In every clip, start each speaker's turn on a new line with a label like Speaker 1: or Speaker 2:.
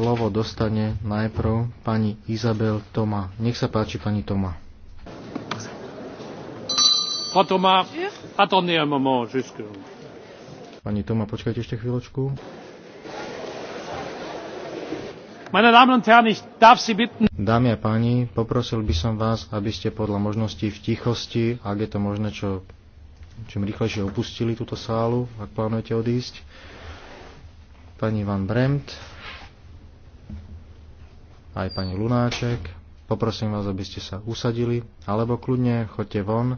Speaker 1: slovo dostane najprv pani Izabel Toma. Nech sa páči, pani Toma. Pani Toma, počkajte ešte chvíľočku. Dámy a páni, poprosil by som vás, aby ste podľa možností v tichosti, ak je to možné, čo, čím rýchlejšie opustili túto sálu, ak plánujete odísť. Pani Van Bremt, aj pani Lunáček. Poprosím vás, aby ste sa usadili, alebo kľudne choďte von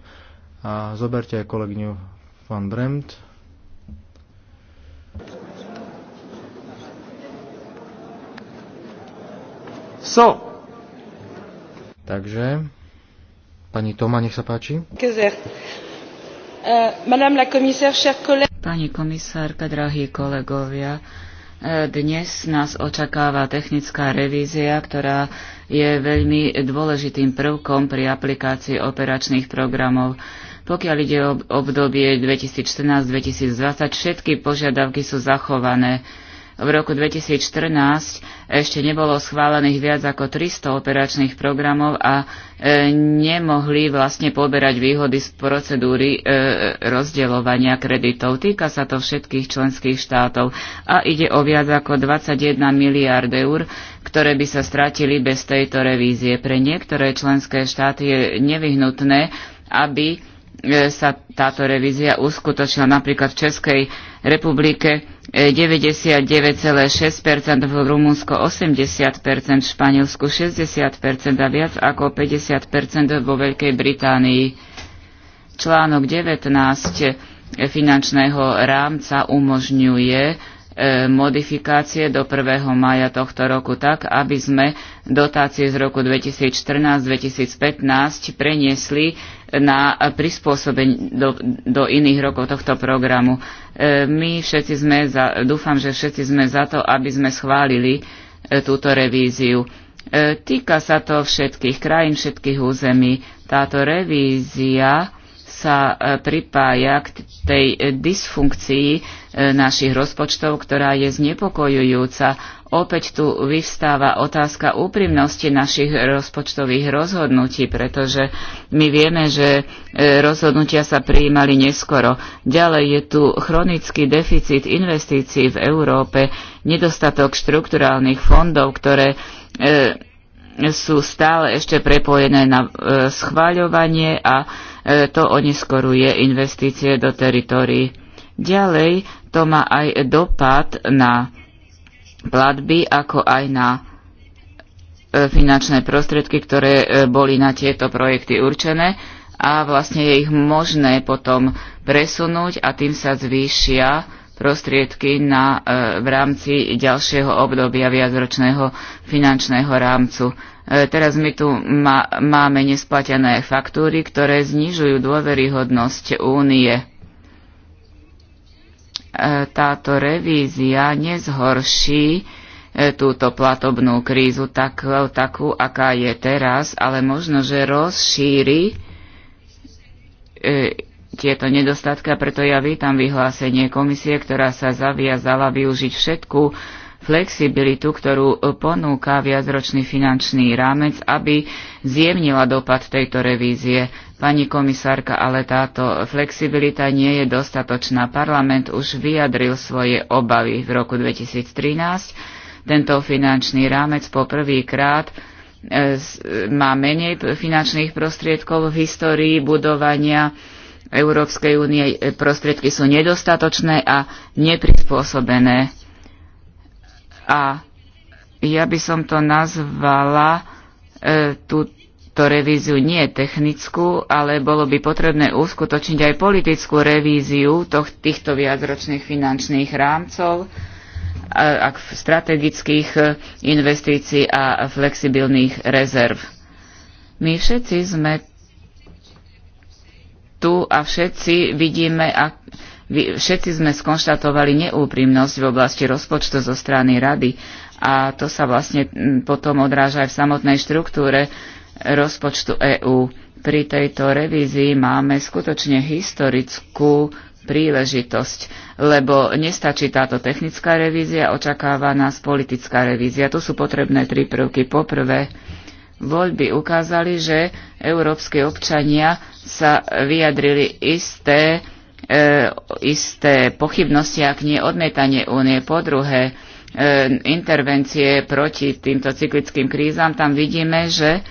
Speaker 1: a zoberte aj kolegyňu von Bremt. So. Takže, pani Toma, nech sa páči.
Speaker 2: Uh, pani komisárka, drahí kolegovia, dnes nás očakáva technická revízia, ktorá je veľmi dôležitým prvkom pri aplikácii operačných programov. Pokiaľ ide o obdobie 2014-2020, všetky požiadavky sú zachované v roku 2014 ešte nebolo schválených viac ako 300 operačných programov a e, nemohli vlastne poberať výhody z procedúry e, rozdeľovania kreditov. Týka sa to všetkých členských štátov a ide o viac ako 21 miliard eur, ktoré by sa stratili bez tejto revízie. Pre niektoré členské štáty je nevyhnutné, aby E, sa táto revízia uskutočnila napríklad v Českej republike 99,6%, e, v Rumunsko 80%, v Španielsku 60% a viac ako 50% vo Veľkej Británii. Článok 19 e, finančného rámca umožňuje modifikácie do 1. maja tohto roku tak, aby sme dotácie z roku 2014-2015 preniesli na prispôsobenie do, do iných rokov tohto programu. E, my všetci sme za, dúfam, že všetci sme za to, aby sme schválili e, túto revíziu. E, týka sa to všetkých krajín, všetkých území. Táto revízia sa e, pripája k tej e, dysfunkcii e, našich rozpočtov, ktorá je znepokojujúca. Opäť tu vyvstáva otázka úprimnosti našich rozpočtových rozhodnutí, pretože my vieme, že rozhodnutia sa prijímali neskoro. Ďalej je tu chronický deficit investícií v Európe, nedostatok štrukturálnych fondov, ktoré sú stále ešte prepojené na schváľovanie a E, to oneskoruje investície do teritórií. Ďalej to má aj dopad na platby, ako aj na e, finančné prostriedky, ktoré e, boli na tieto projekty určené a vlastne je ich možné potom presunúť a tým sa zvýšia prostriedky na, v rámci ďalšieho obdobia viacročného finančného rámcu. E, teraz my tu má, máme nesplatené faktúry, ktoré znižujú dôveryhodnosť únie. E, táto revízia nezhorší e, túto platobnú krízu tak, takú, aká je teraz, ale možno, že rozšíri tieto nedostatky a preto ja vítam vyhlásenie komisie, ktorá sa zaviazala využiť všetku flexibilitu, ktorú e, ponúka viacročný finančný rámec, aby zjemnila dopad tejto revízie. Pani komisárka, ale táto flexibilita nie je dostatočná. Parlament už vyjadril svoje obavy v roku 2013. Tento finančný rámec poprvýkrát e, má menej finančných prostriedkov v histórii budovania Európskej únie e, prostriedky sú nedostatočné a neprispôsobené a ja by som to nazvala e, túto revíziu nie technickú, ale bolo by potrebné uskutočniť aj politickú revíziu toh, týchto viacročných finančných rámcov a, e, a strategických e, investícií a flexibilných rezerv. My všetci sme tu a všetci vidíme, ak, všetci sme skonštatovali neúprimnosť v oblasti rozpočtu zo strany rady a to sa vlastne potom odráža aj v samotnej štruktúre e, rozpočtu EÚ. Pri tejto revízii máme skutočne historickú príležitosť, lebo nestačí táto technická revízia, očakáva nás politická revízia. Tu sú potrebné tri prvky. Poprvé, voľby ukázali, že európske občania sa vyjadrili isté E, isté pochybnosti, ak nie odmietanie únie. Po druhé, e, intervencie proti týmto cyklickým krízam, tam vidíme, že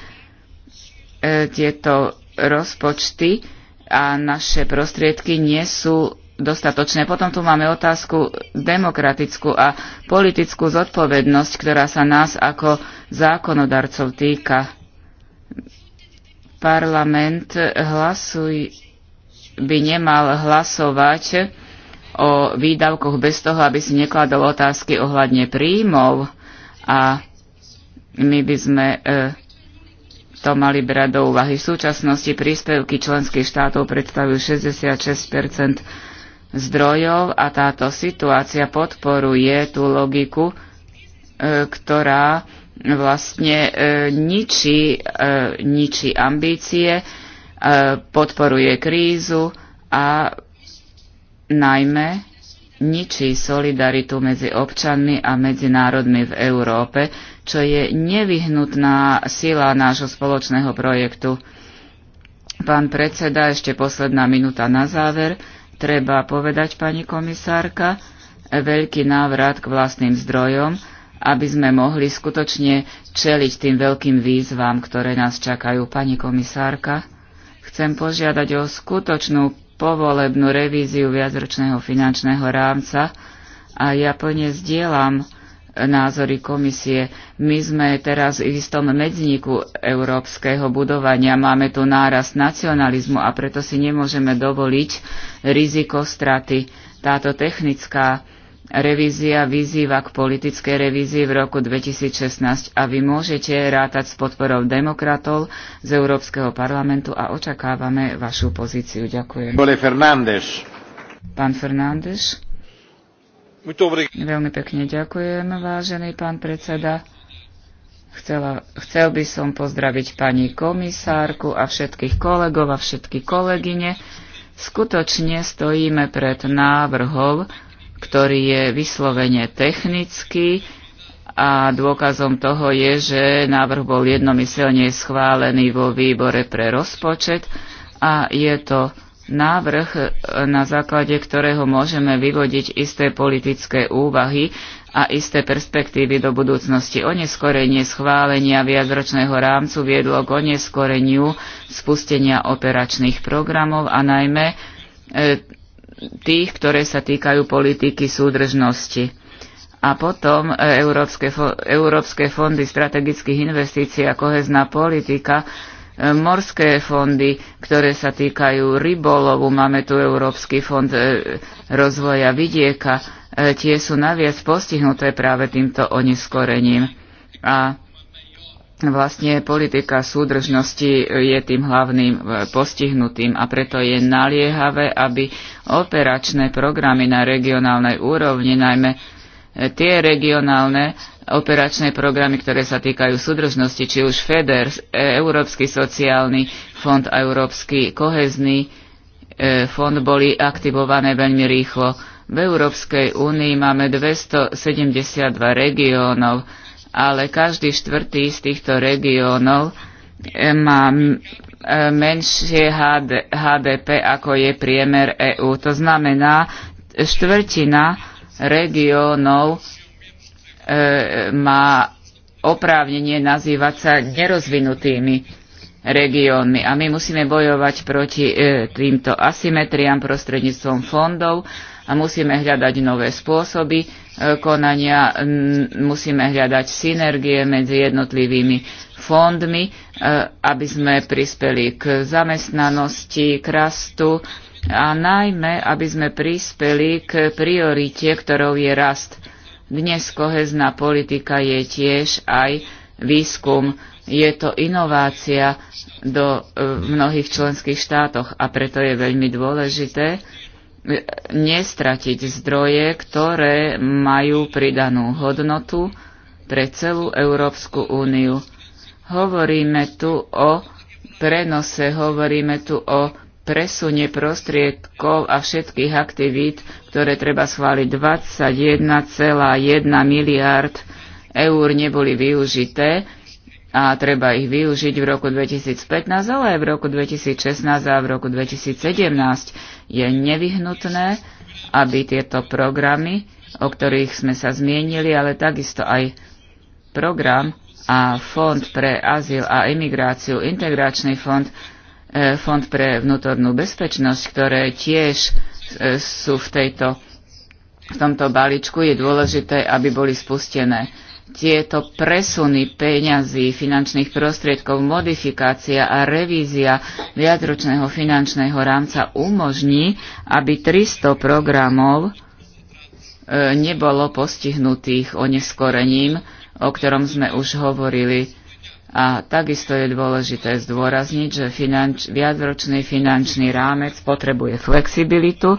Speaker 2: e, tieto rozpočty a naše prostriedky nie sú dostatočné. Potom tu máme otázku demokratickú a politickú zodpovednosť, ktorá sa nás ako zákonodarcov týka. Parlament hlasuj, by nemal hlasovať o výdavkoch bez toho, aby si nekladol otázky ohľadne príjmov a my by sme e, to mali brať do úvahy. V súčasnosti príspevky členských štátov predstavujú 66 zdrojov a táto situácia podporuje tú logiku, e, ktorá vlastne e, ničí, e, ničí ambície, E, podporuje krízu a najmä ničí solidaritu medzi občanmi a medzi národmi v Európe, čo je nevyhnutná sila nášho spoločného projektu. Pán predseda, ešte posledná minúta na záver. Treba povedať, pani komisárka, veľký návrat k vlastným zdrojom, aby sme mohli skutočne čeliť tým veľkým výzvam, ktoré nás čakajú. Pani komisárka chcem požiadať o skutočnú povolebnú revíziu viacročného finančného rámca a ja plne zdieľam názory komisie. My sme teraz v istom medzníku európskeho budovania, máme tu nárast nacionalizmu a preto si nemôžeme dovoliť riziko straty. Táto technická Revízia vyzýva k politickej revízii v roku 2016 a vy môžete rátať s podporou demokratov z Európskeho parlamentu a očakávame vašu pozíciu. Ďakujem. Fernández. Pán Fernández. Veľmi pekne ďakujem, vážený pán predseda. Chcela, chcel by som pozdraviť pani komisárku a všetkých kolegov a všetky kolegyne. Skutočne stojíme pred návrhom, ktorý je vyslovene technický a dôkazom toho je, že návrh bol jednomyselne schválený vo výbore pre rozpočet a je to návrh, na základe ktorého môžeme vyvodiť isté politické úvahy a isté perspektívy do budúcnosti. Oneskorenie schválenia viacročného rámcu viedlo k oneskoreniu spustenia operačných programov a najmä e, tých, ktoré sa týkajú politiky súdržnosti. A potom e, európske, európske fondy strategických investícií a kohezná politika, e, morské fondy, ktoré sa týkajú rybolovu, máme tu Európsky fond e, rozvoja vidieka, tie sú naviac postihnuté práve týmto oneskorením. A vlastne politika súdržnosti je tým hlavným e, postihnutým a preto je naliehavé, aby operačné programy na regionálnej úrovni, najmä e, tie regionálne operačné programy, ktoré sa týkajú súdržnosti, či už FEDER, e, Európsky sociálny fond a Európsky kohezný fond boli aktivované veľmi rýchlo. V Európskej únii máme 272 regiónov, ale každý štvrtý z týchto regiónov eh, má eh, menšie HD, HDP, ako je priemer EÚ. To znamená, štvrtina regiónov e, má oprávnenie nazývať sa nerozvinutými regiónmi. A my musíme bojovať proti e, týmto asymetriám prostredníctvom fondov a musíme hľadať nové spôsoby e, konania, musíme hľadať synergie medzi jednotlivými fondmi, e, aby sme prispeli k zamestnanosti, k rastu a najmä, aby sme prispeli k priorite, ktorou je rast. Dnes kohezná politika je tiež aj výskum, je to inovácia do, v e, mnohých členských štátoch a preto je veľmi dôležité, nestratiť zdroje, ktoré majú pridanú hodnotu pre celú Európsku úniu. Hovoríme tu o prenose, hovoríme tu o presune prostriedkov a všetkých aktivít, ktoré treba schváliť 21,1 miliard eur neboli využité a treba ich využiť v roku 2015, ale aj v roku 2016 a v roku 2017 je nevyhnutné, aby tieto programy, o ktorých sme sa zmienili, ale takisto aj program a fond pre azyl a imigráciu, integračný fond, e, fond pre vnútornú bezpečnosť, ktoré tiež e, sú v, tejto, v tomto balíčku, je dôležité, aby boli spustené tieto presuny peňazí, finančných prostriedkov, modifikácia a revízia viacročného finančného rámca umožní, aby 300 programov e, nebolo postihnutých oneskorením, o ktorom sme už hovorili. A takisto je dôležité zdôrazniť, že finanč, viacročný finančný rámec potrebuje flexibilitu,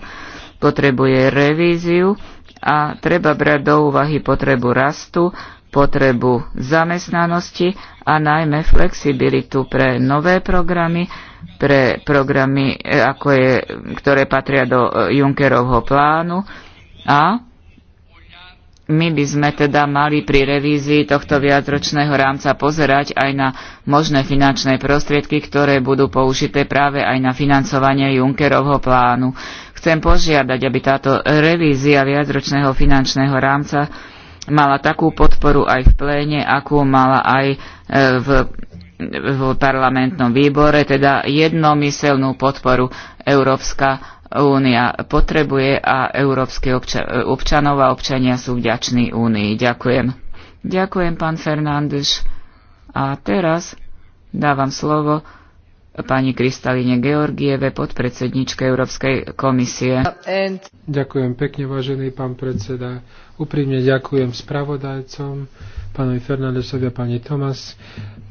Speaker 2: potrebuje revíziu a treba brať do úvahy potrebu rastu, potrebu zamestnanosti a najmä flexibilitu pre nové programy, pre programy, e, ako je, ktoré patria do e, Junckerovho plánu a my by sme teda mali pri revízii tohto viacročného rámca pozerať aj na možné finančné prostriedky, ktoré budú použité práve aj na financovanie Junckerovho plánu. Chcem požiadať, aby táto revízia viacročného finančného rámca mala takú podporu aj v pléne, akú mala aj e, v, v parlamentnom výbore, teda jednomyselnú podporu Európska únia potrebuje a európske obča- občanov a občania sú vďační únii. Ďakujem. Ďakujem, pán Fernández. A teraz dávam slovo pani Kristalíne Georgieve, podpredsedničke Európskej komisie. Ďakujem
Speaker 3: pekne, vážený pán predseda. Úprimne ďakujem spravodajcom, pánovi Fernandesovi a pani Tomas.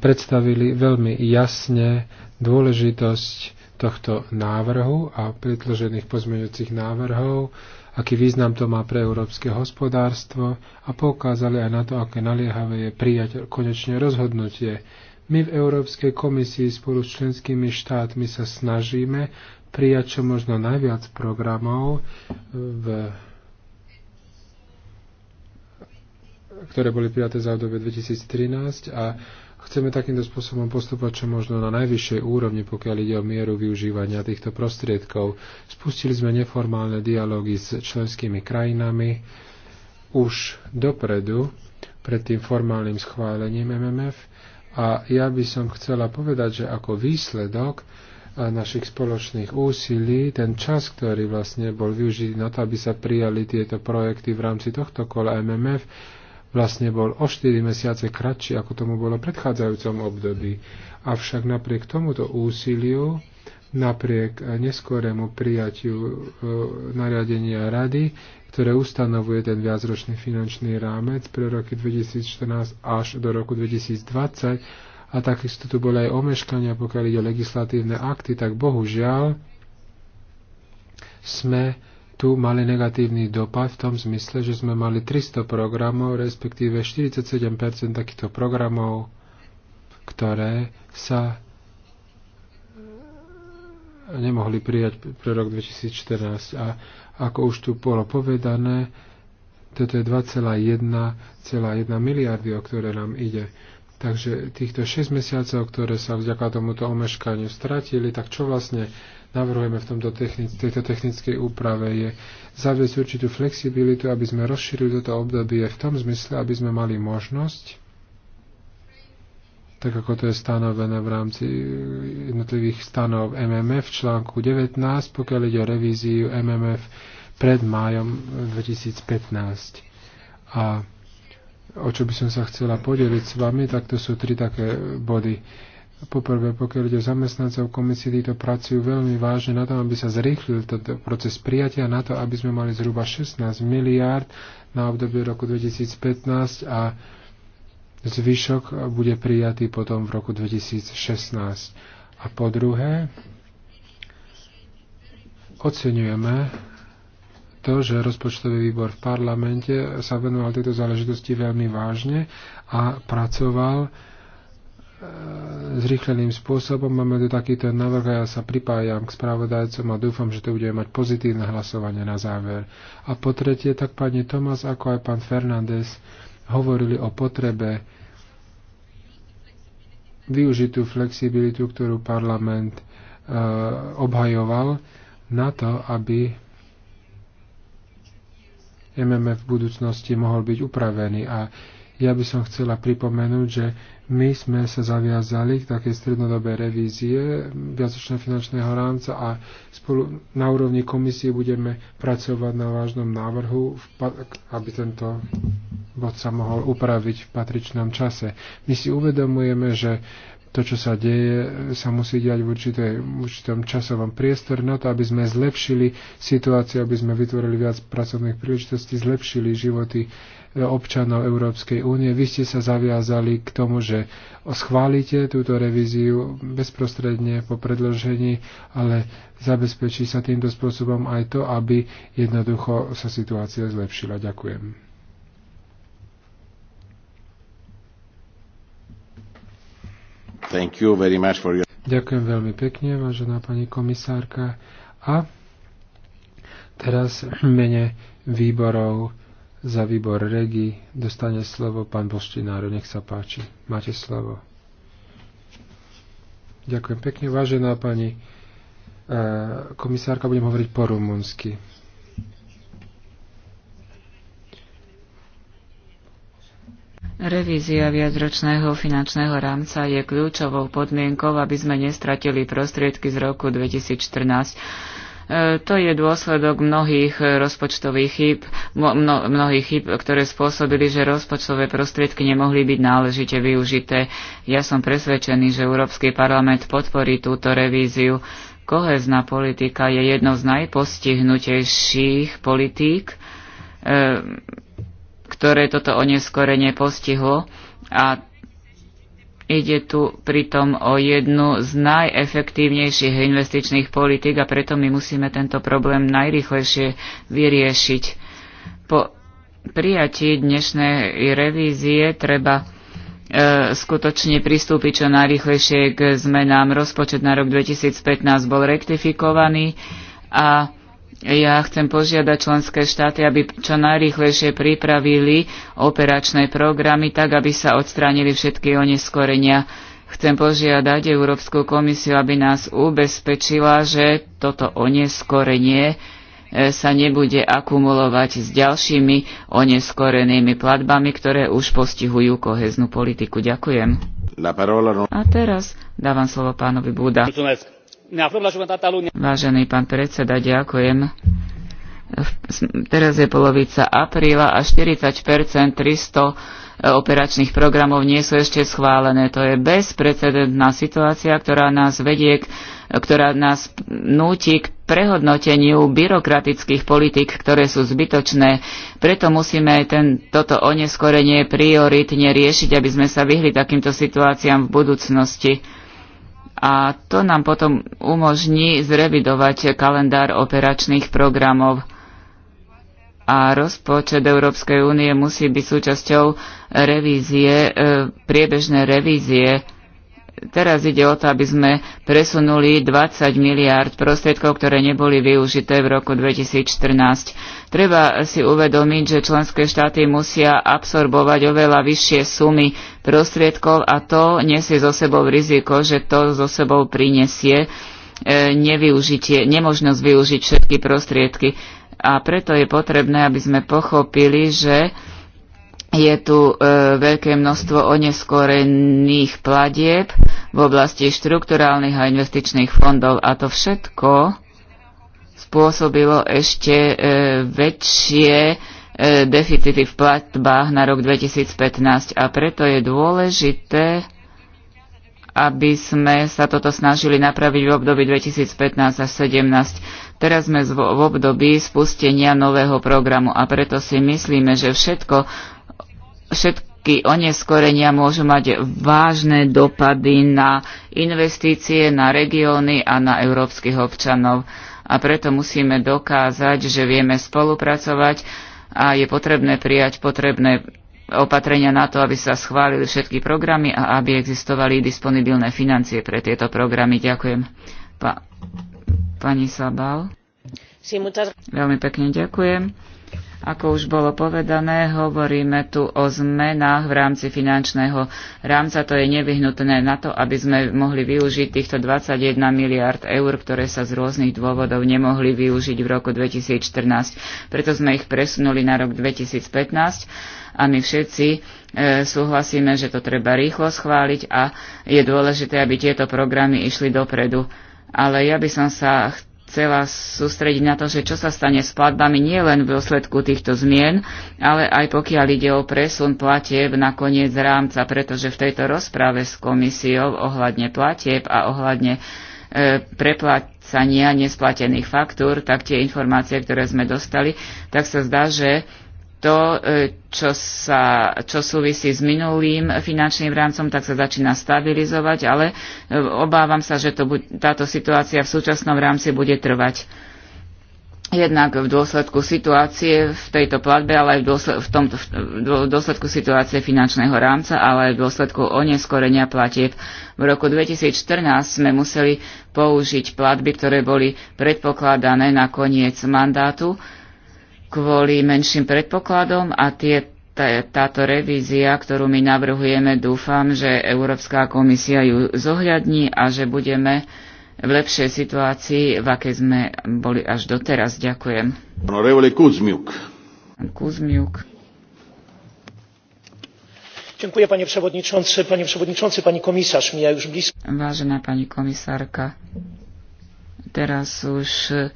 Speaker 3: Predstavili veľmi jasne dôležitosť tohto návrhu a predložených pozmeňujúcich návrhov, aký význam to má pre európske hospodárstvo a poukázali aj na to, aké naliehavé je prijať konečne rozhodnutie my v Európskej komisii spolu s členskými štátmi sa snažíme prijať čo možno najviac programov, e, v, ktoré boli prijaté za obdobie 2013 a chceme takýmto spôsobom postupovať čo možno na najvyššej úrovni, pokiaľ ide o mieru využívania týchto prostriedkov. Spustili sme neformálne dialógy s členskými krajinami už dopredu, pred tým formálnym schválením MMF a ja by som chcela povedať, že ako výsledok e, našich spoločných úsilí, ten čas, ktorý vlastne bol využitý na to, aby sa prijali tieto projekty v rámci tohto kola MMF, vlastne bol o 4 mesiace kratší, ako tomu bolo v predchádzajúcom období. Avšak napriek tomuto úsiliu, napriek neskorému prijatiu e, nariadenia rady, ktoré ustanovuje ten viacročný finančný rámec pre roky 2014 až do roku 2020 a takisto tu boli aj omeškania, pokiaľ ide o legislatívne akty, tak bohužiaľ sme tu mali negatívny dopad v tom zmysle, že sme mali 300 programov, respektíve 47% takýchto programov, ktoré sa nemohli prijať pre rok 2014. A ako už tu bolo povedané, toto je 2,1 miliardy, o ktoré nám ide. Takže týchto 6 mesiacov, ktoré sa vďaka tomuto omeškaniu stratili, tak čo vlastne navrhujeme v tomto technic- tejto technickej úprave je zaviesť určitú flexibilitu, aby sme rozšírili toto obdobie v tom zmysle, aby sme mali možnosť tak ako to je stanovené v rámci jednotlivých stanov MMF v článku 19, pokiaľ ide o revíziu MMF pred májom 2015. A o čo by som sa chcela podeliť s vami, tak to sú tri také body. Poprvé, pokiaľ ide o zamestnancov komisie, títo pracujú veľmi vážne na tom, aby sa zrýchlil tento proces prijatia, na to, aby sme mali zhruba 16 miliárd na obdobie roku 2015 a Zvyšok bude prijatý potom v roku 2016. A po druhé, oceňujeme to, že rozpočtový výbor v parlamente sa venoval tejto záležitosti veľmi vážne a pracoval e, zrýchleným spôsobom. Máme tu takýto návrh a ja sa pripájam k spravodajcom a dúfam, že to bude mať pozitívne hlasovanie na záver. A po tretie, tak pani Tomas, ako aj pán Fernández, hovorili o potrebe využitú flexibilitu, ktorú parlament e, obhajoval na to, aby MMF v budúcnosti mohol byť upravený. A ja by som chcela pripomenúť, že my sme sa zaviazali k takej strednodobej revízie viacočného finančného rámca a spolu na úrovni komisie budeme pracovať na vážnom návrhu, aby tento bod sa mohol upraviť v patričnom čase. My si uvedomujeme, že to, čo sa deje, sa musí diať v určitej, určitom časovom priestore na to, aby sme zlepšili situáciu, aby sme vytvorili viac pracovných príležitostí, zlepšili životy e, občanov Európskej únie. Vy ste sa zaviazali k tomu, že schválite túto revíziu bezprostredne po predložení, ale zabezpečí sa týmto spôsobom aj to, aby jednoducho sa situácia zlepšila. Ďakujem.
Speaker 1: Your...
Speaker 3: Ďakujem veľmi pekne, vážená pani komisárka. A teraz mene výborov za výbor Regi dostane slovo pán Boštinár. Nech sa páči. Máte slovo. Ďakujem pekne. Vážená pani eh, komisárka, budem hovoriť po rumunsky.
Speaker 2: Revízia viacročného finančného rámca je kľúčovou podmienkou, aby sme nestratili prostriedky z roku 2014. E, to je dôsledok mnohých rozpočtových chyb, mno, mnohých chyb, ktoré spôsobili, že rozpočtové prostriedky nemohli byť náležite využité. Ja som presvedčený, že Európsky parlament podporí túto revíziu. Kohezná politika je jednou z najpostihnutejších politík. E, ktoré toto oneskorenie postihlo a Ide tu pritom o jednu z najefektívnejších investičných politik a preto my musíme tento problém najrychlejšie vyriešiť. Po prijatí dnešnej revízie treba e, skutočne pristúpiť čo najrychlejšie k zmenám. Rozpočet na rok 2015 bol rektifikovaný a ja chcem požiadať členské štáty, aby čo najrýchlejšie pripravili operačné programy, tak aby sa odstránili všetky oneskorenia. Chcem požiadať Európsku komisiu, aby nás ubezpečila, že toto oneskorenie e, sa nebude akumulovať s ďalšími oneskorenými platbami, ktoré už postihujú koheznú politiku. Ďakujem. No- A teraz dávam slovo pánovi Buda. Vážený pán predseda, ďakujem. Teraz je polovica apríla a 40 300 e, operačných programov nie sú ešte schválené. To je bezprecedentná situácia, ktorá nás vedie, ktorá nás núti k prehodnoteniu byrokratických politik, ktoré sú zbytočné. Preto musíme aj ten, toto oneskorenie prioritne riešiť, aby sme sa vyhli takýmto situáciám v budúcnosti a to nám potom umožní zrevidovať kalendár operačných programov. A rozpočet Európskej únie musí byť súčasťou revízie, e, priebežnej revízie Teraz ide o to, aby sme presunuli 20 miliárd prostriedkov, ktoré neboli využité v roku 2014. Treba si uvedomiť, že členské štáty musia absorbovať oveľa vyššie sumy prostriedkov a to nesie zo sebou riziko, že to zo sebou prinesie e, nevyužitie, nemožnosť využiť všetky prostriedky. A preto je potrebné, aby sme pochopili, že je tu e, veľké množstvo oneskorených platieb v oblasti štrukturálnych a investičných fondov a to všetko spôsobilo ešte e, väčšie e, deficity v platbách na rok 2015 a preto je dôležité, aby sme sa toto snažili napraviť v období 2015 až 2017. Teraz sme v období spustenia nového programu a preto si myslíme, že všetko, všetky oneskorenia môžu mať vážne dopady na investície, na regióny a na európskych občanov. A preto musíme dokázať, že vieme spolupracovať a je potrebné prijať potrebné opatrenia na to, aby sa schválili všetky programy a aby existovali disponibilné financie pre tieto programy. Ďakujem. Pa, pani Sabal. Veľmi pekne ďakujem. Ako už bolo povedané, hovoríme tu o zmenách v rámci finančného rámca. To je nevyhnutné na to, aby sme mohli využiť týchto 21 miliard eur, ktoré sa z rôznych dôvodov nemohli využiť v roku 2014. Preto sme ich presunuli na rok 2015 a my všetci e, súhlasíme, že to treba rýchlo schváliť a je dôležité, aby tieto programy išli dopredu. Ale ja by som sa chcel chcela sústrediť na to, že čo sa stane s platbami nie len v dôsledku týchto zmien, ale aj pokiaľ ide o presun platieb na koniec rámca, pretože v tejto rozprave s komisiou ohľadne platieb a ohľadne e, preplácania nesplatených faktúr, tak tie informácie, ktoré sme dostali, tak sa zdá, že to, e, čo, sa, čo súvisí s minulým finančným rámcom, tak sa začína stabilizovať, ale e, obávam sa, že to, táto situácia v súčasnom rámci bude trvať. Jednak v dôsledku situácie v tejto platbe, ale aj v, dôsled, v, tom, v dôsledku situácie finančného rámca, ale aj v dôsledku oneskorenia platieb. V roku 2014 sme museli použiť platby, ktoré boli predpokladané na koniec mandátu kvôli menším predpokladom a tie, tá, táto revízia, ktorú my navrhujeme, dúfam, že Európska komisia ju zohľadní a že budeme v lepšej situácii, v aké sme boli až doteraz. Ďakujem. Honorevole Kuzmiuk. Kuzmiuk.
Speaker 1: Dziękuję panie przewodniczący, panie przewodniczący, pani komisarz, mija już blisko.
Speaker 2: Ważna pani komisarka. teraz już e,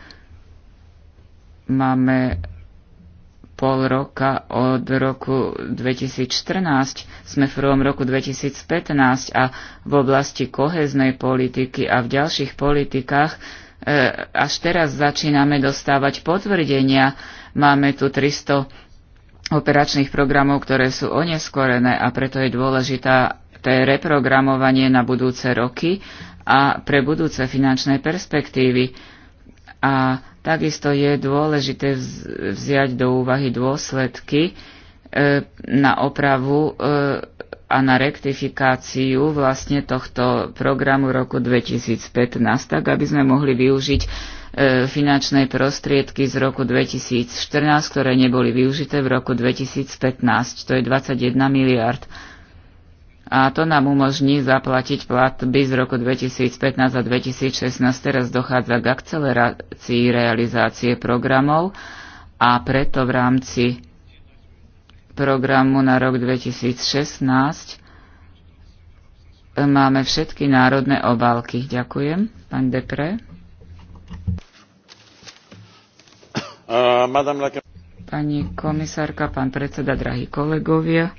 Speaker 2: mamy pol roka od roku 2014, sme v prvom roku 2015 a v oblasti koheznej politiky a v ďalších politikách e, až teraz začíname dostávať potvrdenia. Máme tu 300 operačných programov, ktoré sú oneskorené a preto je dôležitá dôležité reprogramovanie na budúce roky a pre budúce finančné perspektívy. A Takisto je dôležité vziať do úvahy dôsledky e, na opravu e, a na rektifikáciu vlastne tohto programu roku 2015, tak aby sme mohli využiť e, finančné prostriedky z roku 2014, ktoré neboli využité v roku 2015. To je 21 miliard a to nám umožní zaplatiť platby z roku 2015 a 2016. Teraz dochádza k akcelerácii realizácie programov a preto v rámci programu na rok 2016 máme všetky národné obálky. Ďakujem. Pán Depre. Uh, Pani komisárka, pán predseda, drahí kolegovia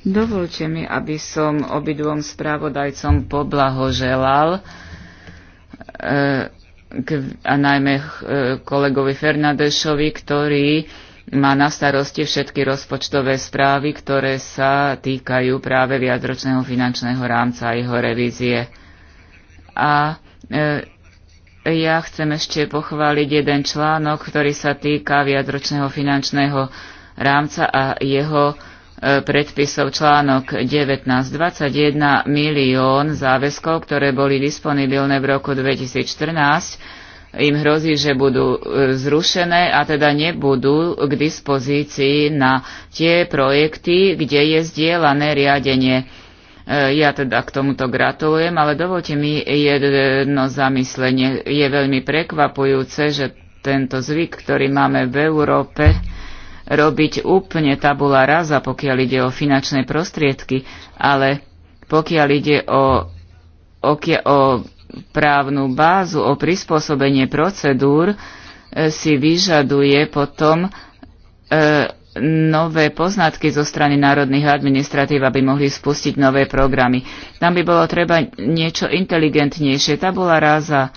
Speaker 2: Dovolte mi, aby som obidvom správodajcom poblahoželal e, a najmä e, kolegovi Fernandešovi, ktorý má na starosti všetky rozpočtové správy, ktoré sa týkajú práve viacročného finančného rámca a jeho revízie. A e, ja chcem ešte pochváliť jeden článok, ktorý sa týka viacročného finančného rámca a jeho predpisov článok 1921 milión záväzkov, ktoré boli disponibilné v roku 2014, im hrozí, že budú e, zrušené a teda nebudú k dispozícii na tie projekty, kde je zdieľané riadenie. E, ja teda k tomuto gratulujem, ale dovolte mi jedno zamyslenie. Je veľmi prekvapujúce, že tento zvyk, ktorý máme v Európe, robiť úplne tabula raza, pokiaľ ide o finančné prostriedky, ale pokiaľ ide o, o, o právnu bázu, o prispôsobenie procedúr, e, si vyžaduje potom e, nové poznatky zo strany národných administratív, aby mohli spustiť nové programy. Tam by bolo treba niečo inteligentnejšie. Tabula raza,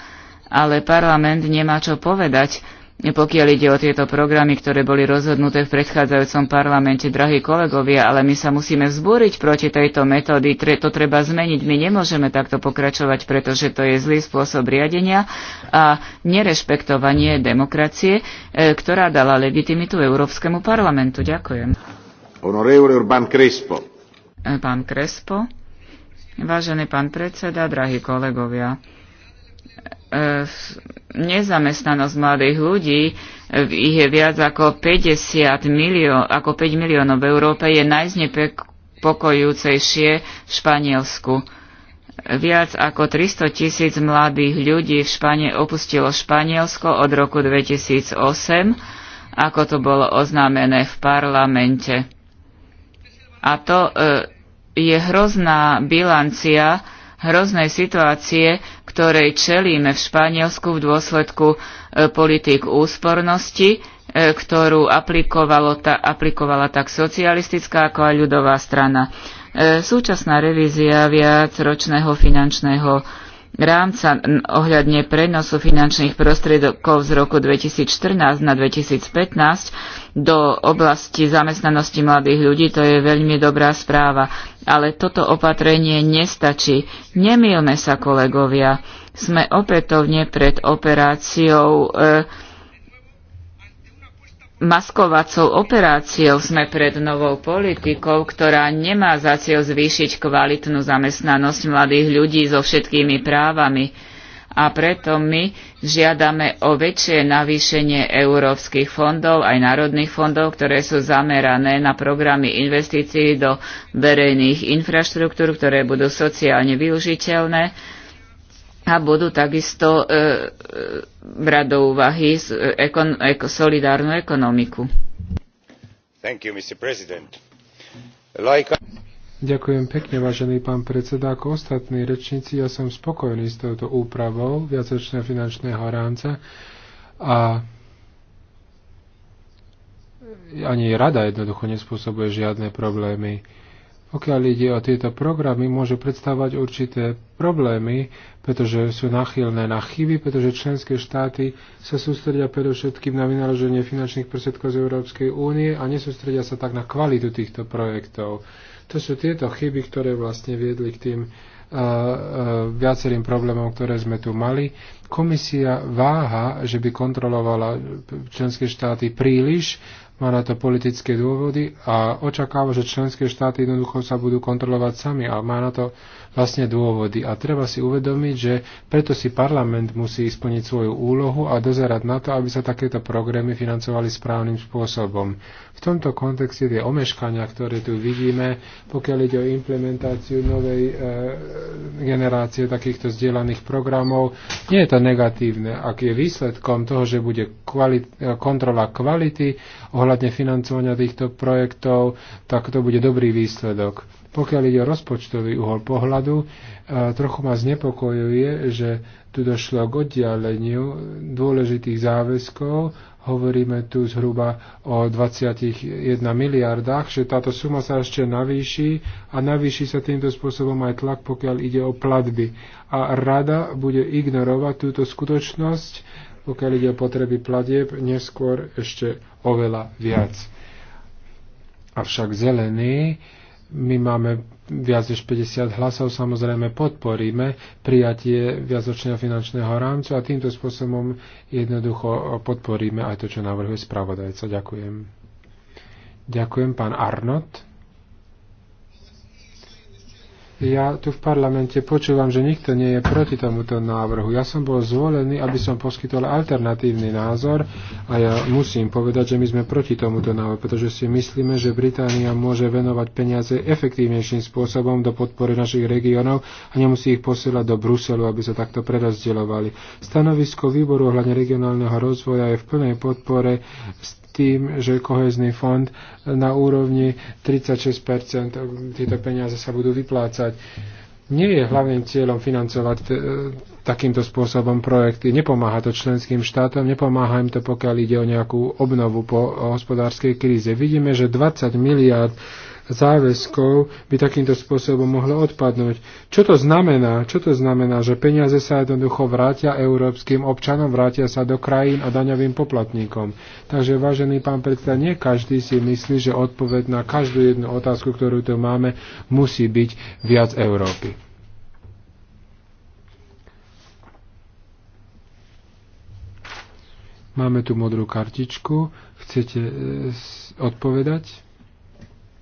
Speaker 2: ale parlament nemá čo povedať pokiaľ ide o tieto programy, ktoré boli rozhodnuté v predchádzajúcom parlamente, drahí kolegovia, ale my sa musíme vzbúriť proti tejto metódy, tre, to treba zmeniť. My nemôžeme takto pokračovať, pretože to je zlý spôsob riadenia a nerešpektovanie demokracie, e, ktorá dala legitimitu Európskemu parlamentu. Ďakujem.
Speaker 3: Urban Crespo.
Speaker 2: E, pán Crespo. Vážený pán predseda, drahí kolegovia. E, nezamestnanosť mladých ľudí, e, ich je viac ako 50 milión, ako 5 miliónov v Európe, je najznepokojúcejšie v Španielsku. Viac ako 300 tisíc mladých ľudí v Španie opustilo Španielsko od roku 2008, ako to bolo oznámené v parlamente. A to e, je hrozná bilancia hroznej situácie, ktorej čelíme v Španielsku v dôsledku e, politik úspornosti, e, ktorú ta, aplikovala tak socialistická ako aj ľudová strana. E, súčasná revízia viacročného finančného rámca ohľadne prenosu finančných prostriedkov z roku 2014 na 2015 do oblasti zamestnanosti mladých ľudí, to je veľmi dobrá správa. Ale toto opatrenie nestačí. Nemýlme sa, kolegovia. Sme opätovne pred operáciou e, maskovacou operáciou sme pred novou politikou, ktorá nemá za cieľ zvýšiť kvalitnú zamestnanosť mladých ľudí so všetkými právami. A preto my žiadame o väčšie navýšenie európskych fondov, aj národných fondov, ktoré sú zamerané na programy investícií do verejných infraštruktúr, ktoré budú sociálne využiteľné a budú takisto e, e brať do úvahy e, ekon, ek, solidárnu ekonomiku.
Speaker 3: Thank you, Mr. President. Like... Ďakujem pekne, vážený pán predseda. Ako ostatní rečníci, ja som spokojný s touto úpravou viacročného finančného rámca a ani rada jednoducho nespôsobuje žiadne problémy pokiaľ ide o tieto programy, môžu predstavovať určité problémy, pretože sú nachylné na chyby, pretože členské štáty sa sústredia predovšetkým na vynaloženie finančných prostriedkov z Európskej únie a nesústredia sa tak na kvalitu týchto projektov. To sú tieto chyby, ktoré vlastne viedli k tým uh, uh, viacerým problémom, ktoré sme tu mali. Komisia váha, že by kontrolovala členské štáty príliš má na to politické dôvody a očakáva, že členské štáty jednoducho sa budú kontrolovať sami a má na to vlastne dôvody. A treba si uvedomiť, že preto si parlament musí splniť svoju úlohu a dozerať na to, aby sa takéto programy financovali správnym spôsobom. V tomto kontexte tie omeškania, ktoré tu vidíme, pokiaľ ide o implementáciu novej e, generácie takýchto zdieľaných programov, nie je to negatívne, ak je výsledkom toho, že bude kvalit- e, kontrola kvality ohľadne financovania týchto projektov, tak to bude dobrý výsledok. Pokiaľ ide o rozpočtový uhol pohľadu, e, trochu ma znepokojuje, že tu došlo k oddialeniu dôležitých záväzkov. Hovoríme tu zhruba o 21 miliardách, že táto suma sa ešte navýši a navýši sa týmto spôsobom aj tlak, pokiaľ ide o platby. A rada bude ignorovať túto skutočnosť, pokiaľ ide o potreby platieb, neskôr ešte oveľa viac. Avšak zelený. My máme viac než 50 hlasov, samozrejme podporíme prijatie viacročného finančného rámcu a týmto spôsobom jednoducho podporíme aj to, čo navrhuje spravodajca. Ďakujem. Ďakujem, pán Arnott ja tu v parlamente počúvam, že nikto nie je proti tomuto návrhu. Ja som bol zvolený, aby som poskytol alternatívny názor a ja musím povedať, že my sme proti tomuto návrhu, pretože si myslíme, že Británia môže venovať peniaze efektívnejším spôsobom do podpory našich regiónov a nemusí ich posielať do Bruselu, aby sa takto prerozdielovali. Stanovisko výboru ohľadne regionálneho rozvoja je v plnej podpore s tým, že kohezný fond na úrovni 36% eh, tieto peniaze sa budú vyplácať. Nie je hlavným cieľom financovať eh, takýmto spôsobom projekty. Nepomáha to členským štátom, nepomáha im to, pokiaľ ide o nejakú obnovu po hospodárskej kríze. Vidíme, že 20 miliard záväzkov by takýmto spôsobom mohlo odpadnúť. Čo to znamená? Čo to znamená, že peniaze sa jednoducho vrátia európskym občanom, vrátia sa do krajín a daňovým poplatníkom. Takže, vážený pán predseda, nie každý si myslí, že odpoveď na každú jednu otázku, ktorú tu máme, musí byť viac Európy. Máme tu modrú kartičku. Chcete eh, odpovedať?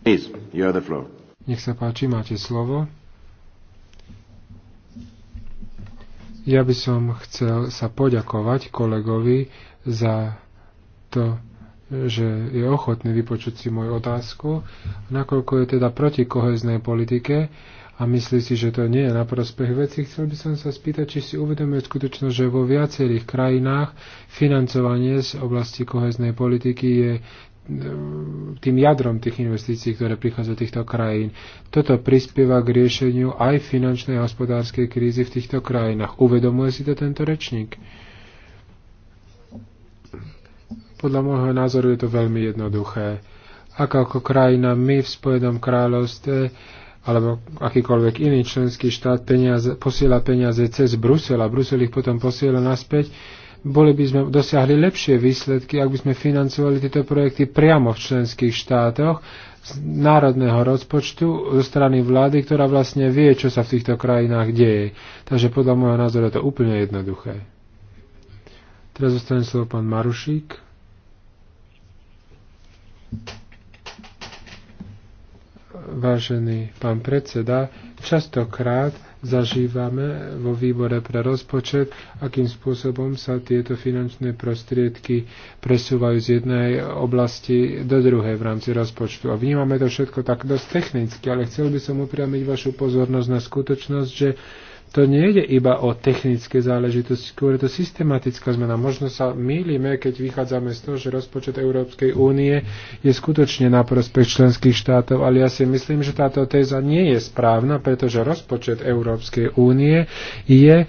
Speaker 3: Please, you have the floor. Nech sa páči, máte slovo. Ja by som chcel sa poďakovať kolegovi za to, že je ochotný vypočuť si moju otázku, nakoľko je teda proti koheznej politike a myslí si, že to nie je na prospech veci. Chcel by som sa spýtať, či si uvedomuje skutočnosť, že vo viacerých krajinách financovanie z oblasti koheznej politiky je tým jadrom tých investícií, ktoré prichádzajú do týchto krajín. Toto prispieva k riešeniu aj finančnej a hospodárskej krízy v týchto krajinách. Uvedomuje si to tento rečník? Podľa môjho názoru je to veľmi jednoduché. Ak ako krajina my v Spojenom kráľovstve alebo akýkoľvek iný členský štát peniaze, posiela peniaze cez Brusel a Brusel ich potom posiela naspäť, boli by sme dosiahli lepšie výsledky, ak by sme financovali tieto projekty priamo v členských štátoch z národného rozpočtu zo strany vlády, ktorá vlastne vie, čo sa v týchto krajinách deje. Takže podľa môjho názoru je to úplne jednoduché. Teraz zostane slovo pán Marušík. Vážený pán predseda, častokrát zažívame vo výbore pre rozpočet, akým spôsobom sa tieto finančné prostriedky presúvajú z jednej oblasti do druhej v rámci rozpočtu. A vnímame to všetko tak dosť technicky, ale chcel by som upriamiť vašu pozornosť na skutočnosť, že to nie ide iba o technické záležitosti, skôr je to systematická zmena. Možno sa mýlime, keď vychádzame z toho, že rozpočet Európskej únie je skutočne na prospech členských štátov, ale ja si myslím, že táto téza nie je správna, pretože rozpočet Európskej únie je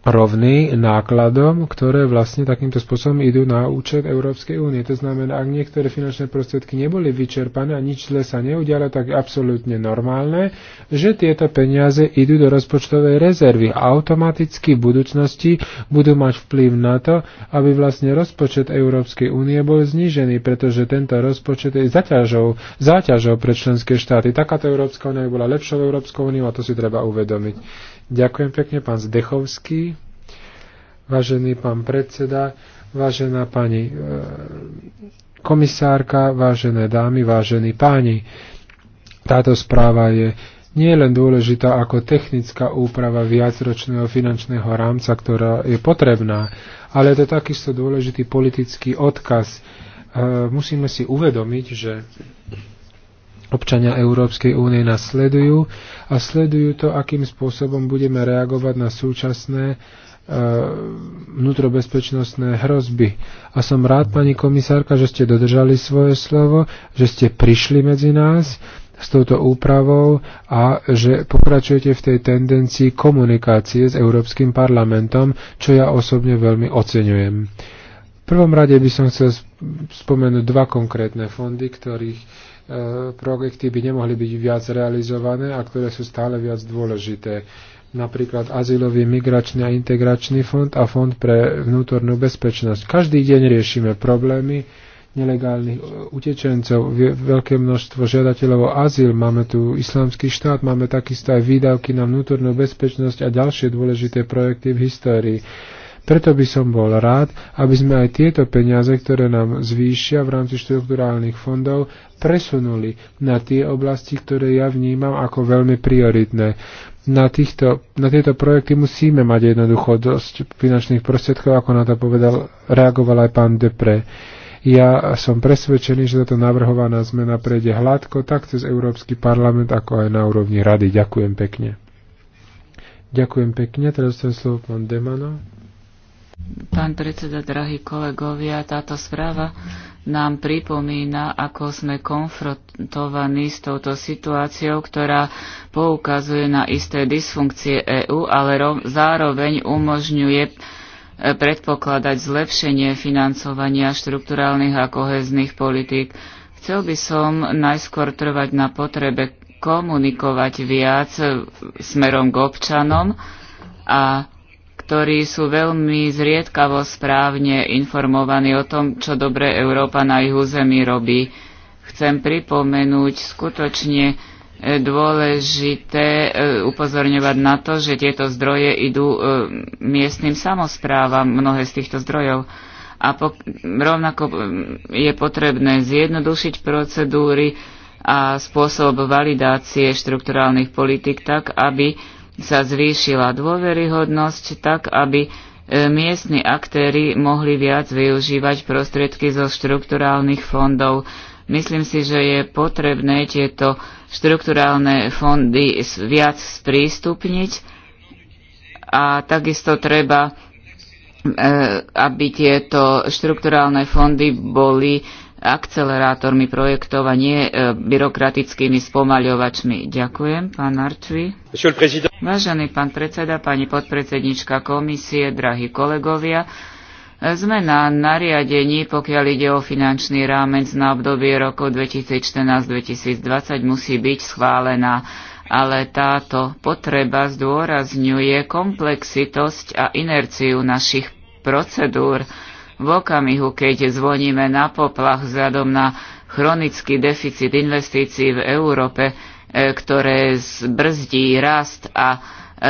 Speaker 3: rovný nákladom, ktoré vlastne takýmto spôsobom idú na účet Európskej únie. To znamená, ak niektoré finančné prostriedky neboli vyčerpané a nič zle sa neudialo, tak je absolútne normálne, že tieto peniaze idú do rozpočtovej rezervy a automaticky v budúcnosti budú mať vplyv na to, aby vlastne rozpočet Európskej únie bol znížený, pretože tento rozpočet je zaťažou, záťažou pre členské štáty. Takáto Európska únia bola lepšou Európskou úniou a to si treba uvedomiť. Ďakujem pekne, pán Zdechovský, vážený pán predseda, vážená pani e, komisárka, vážené dámy, vážení páni. Táto správa je nie len dôležitá ako technická úprava viacročného finančného rámca, ktorá je potrebná, ale je to takisto dôležitý politický odkaz. E, musíme si uvedomiť, že občania Európskej únie nás sledujú a sledujú to, akým spôsobom budeme reagovať na súčasné e, vnútrobezpečnostné hrozby. A som rád, pani komisárka, že ste dodržali svoje slovo, že ste prišli medzi nás s touto úpravou a že pokračujete v tej tendencii komunikácie s Európskym parlamentom, čo ja osobne veľmi oceňujem. V prvom rade by som chcel spomenúť dva konkrétne fondy, ktorých projekty by nemohli byť viac realizované a ktoré sú stále viac dôležité. Napríklad Azylový migračný a integračný fond a fond pre vnútornú bezpečnosť. Každý deň riešime problémy nelegálnych utečencov, veľké množstvo žiadateľov o azyl, máme tu islamský štát, máme takisto aj výdavky na vnútornú bezpečnosť a ďalšie dôležité projekty v histórii. Preto by som bol rád, aby sme aj tieto peniaze, ktoré nám zvýšia v rámci štruktúrálnych fondov, presunuli na tie oblasti, ktoré ja vnímam ako veľmi prioritné. Na, týchto, na tieto projekty musíme mať jednoducho dosť finančných prostriedkov, ako na to povedal, reagoval aj pán Depre. Ja som presvedčený, že táto navrhovaná zmena prejde hladko tak cez Európsky parlament, ako aj na úrovni rady. Ďakujem pekne. Ďakujem pekne. Teraz ten slovo pán Demano.
Speaker 2: Pán predseda, drahí kolegovia, táto správa nám pripomína, ako sme konfrontovaní s touto situáciou, ktorá poukazuje na isté dysfunkcie EÚ, ale zároveň umožňuje e, predpokladať zlepšenie financovania štrukturálnych a kohezných politík. Chcel by som najskôr trvať na potrebe komunikovať viac smerom k občanom a ktorí sú veľmi zriedkavo správne informovaní o tom, čo dobre Európa na ich území robí. Chcem pripomenúť skutočne e, dôležité e, upozorňovať na to, že tieto zdroje idú e, miestnym samozprávam, mnohé z týchto zdrojov. A po, rovnako je potrebné zjednodušiť procedúry a spôsob validácie štrukturálnych politik tak, aby sa zvýšila dôveryhodnosť tak, aby e, miestni aktéry mohli viac využívať prostriedky zo štrukturálnych fondov. Myslím si, že je potrebné tieto štrukturálne fondy viac sprístupniť a takisto treba, e, aby tieto štrukturálne fondy boli akcelerátormi projektov a nie e, byrokratickými spomaľovačmi. Ďakujem, pán Arčvi. Vážený pán predseda, pani podpredsednička komisie, drahí kolegovia, sme na nariadení, pokiaľ ide o finančný rámec na obdobie rokov 2014-2020, musí byť schválená, ale táto potreba zdôrazňuje komplexitosť a inerciu našich procedúr, v okamihu, keď zvoníme na poplach vzhľadom na chronický deficit investícií v Európe, e, ktoré zbrzdí rast a e,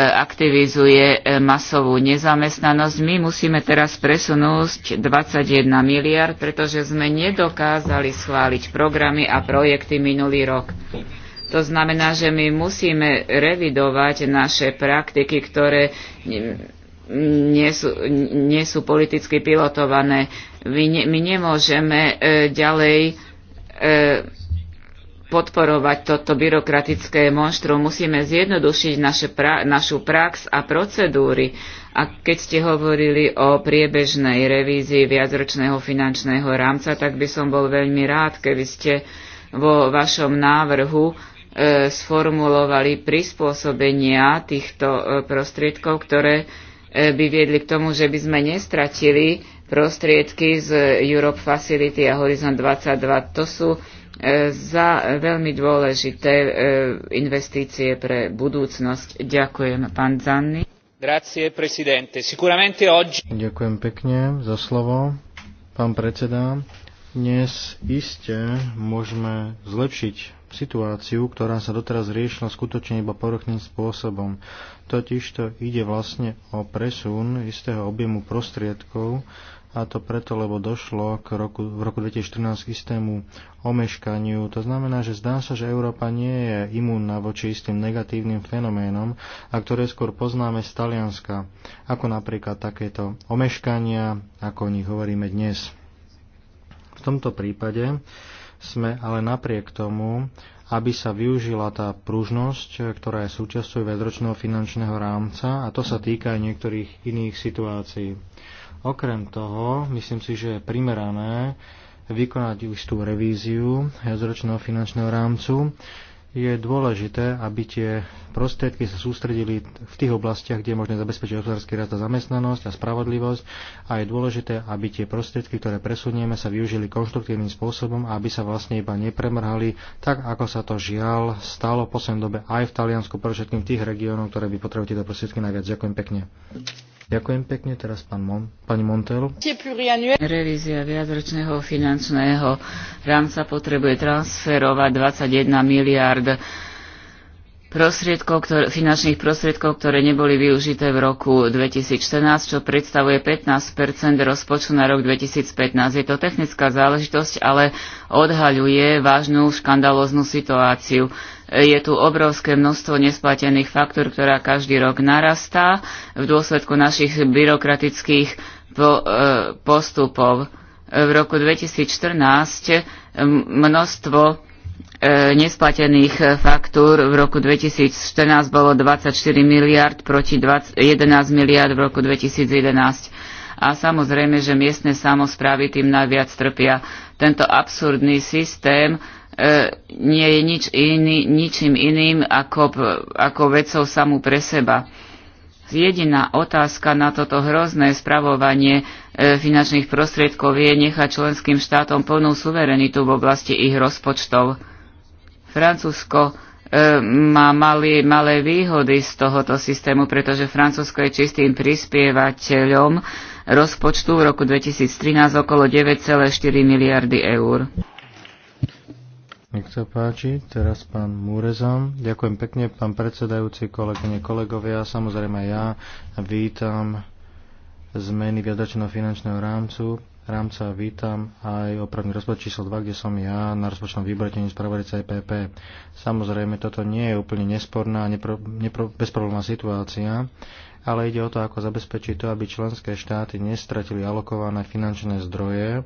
Speaker 2: aktivizuje e, masovú nezamestnanosť. My musíme teraz presunúť 21 miliard, pretože sme nedokázali schváliť programy a projekty minulý rok. To znamená, že my musíme revidovať naše praktiky, ktoré nie sú, nie sú politicky pilotované. My, ne, my nemôžeme e, ďalej e, podporovať toto byrokratické monštrum. Musíme zjednodušiť naše pra, našu prax a procedúry. A keď ste hovorili o priebežnej revízii viacročného finančného rámca, tak by som bol veľmi rád, keby ste vo vašom návrhu e, sformulovali prispôsobenia týchto e, prostriedkov, ktoré e, E, by viedli k tomu, že by sme nestratili prostriedky z Europe Facility a Horizon 22. To sú e, za veľmi dôležité e, investície pre budúcnosť. Ďakujem, pán Zanni. Grazie, presidente. Sicuramente oggi...
Speaker 1: Ďakujem pekne za slovo, pán predseda. Dnes iste môžeme zlepšiť situáciu, ktorá sa doteraz riešila skutočne iba povrchným spôsobom. Totiž to ide vlastne o presun istého objemu prostriedkov, a to preto, lebo došlo k roku, v roku 2014 k istému omeškaniu. To znamená, že zdá sa, že Európa nie je imúnna voči istým negatívnym fenoménom, a ktoré skôr poznáme z Talianska, ako napríklad takéto omeškania, ako o nich hovoríme dnes. V tomto prípade sme ale napriek tomu, aby sa využila tá pružnosť, ktorá je súčasťou vedročného finančného rámca a to sa týka aj niektorých iných situácií. Okrem toho, myslím si, že je primerané vykonať istú revíziu viacročného finančného rámcu, je dôležité, aby tie prostriedky sa sústredili v tých oblastiach, kde je možné zabezpečiť hospodársky rast a zamestnanosť a spravodlivosť a je dôležité, aby tie prostriedky, ktoré presunieme, sa využili konštruktívnym spôsobom a aby sa vlastne iba nepremrhali, tak ako sa to žiaľ stalo v poslednom dobe aj v Taliansku, pre všetkým tých regiónoch, ktoré by potrebovali tieto prostriedky najviac. Ďakujem pekne. Ďakujem pekne teraz pán Mon, pani Montel.
Speaker 2: Revízia viacročného finančného rámca potrebuje transferovať 21 miliard prostriedkov, ktoré, finančných prostriedkov, ktoré neboli využité v roku 2014, čo predstavuje 15 rozpočtu na rok 2015. Je to technická záležitosť, ale odhaľuje vážnu škandalóznu situáciu je tu obrovské množstvo nesplatených faktúr, ktorá každý rok narastá v dôsledku našich byrokratických e, postupov. V roku 2014 množstvo e, nesplatených faktúr v roku 2014 bolo 24 miliard proti 11 miliard v roku 2011. A samozrejme, že miestne samozprávy tým najviac trpia. Tento absurdný systém E, nie je nič iný, ničím iným ako, ako vecou samú pre seba. Jediná otázka na toto hrozné spravovanie e, finančných prostriedkov je nechať členským štátom plnú suverenitu v oblasti ich rozpočtov. Francúzsko e, má malý, malé výhody z tohoto systému, pretože Francúzsko je čistým prispievateľom rozpočtu v roku 2013 okolo 9,4 miliardy eur.
Speaker 1: Nech sa páči, teraz pán Múrezom. Ďakujem pekne, pán predsedajúci, kolegyne, kolegovia. Samozrejme ja vítam zmeny viadačného finančného rámcu. Rámca vítam aj opravný rozpočet číslo 2, kde som ja na rozpočnom vybratení spravodajca IPP. E Samozrejme, toto nie je úplne nesporná a nepro, nepro, situácia, ale ide o to, ako zabezpečiť to, aby členské štáty nestratili alokované finančné zdroje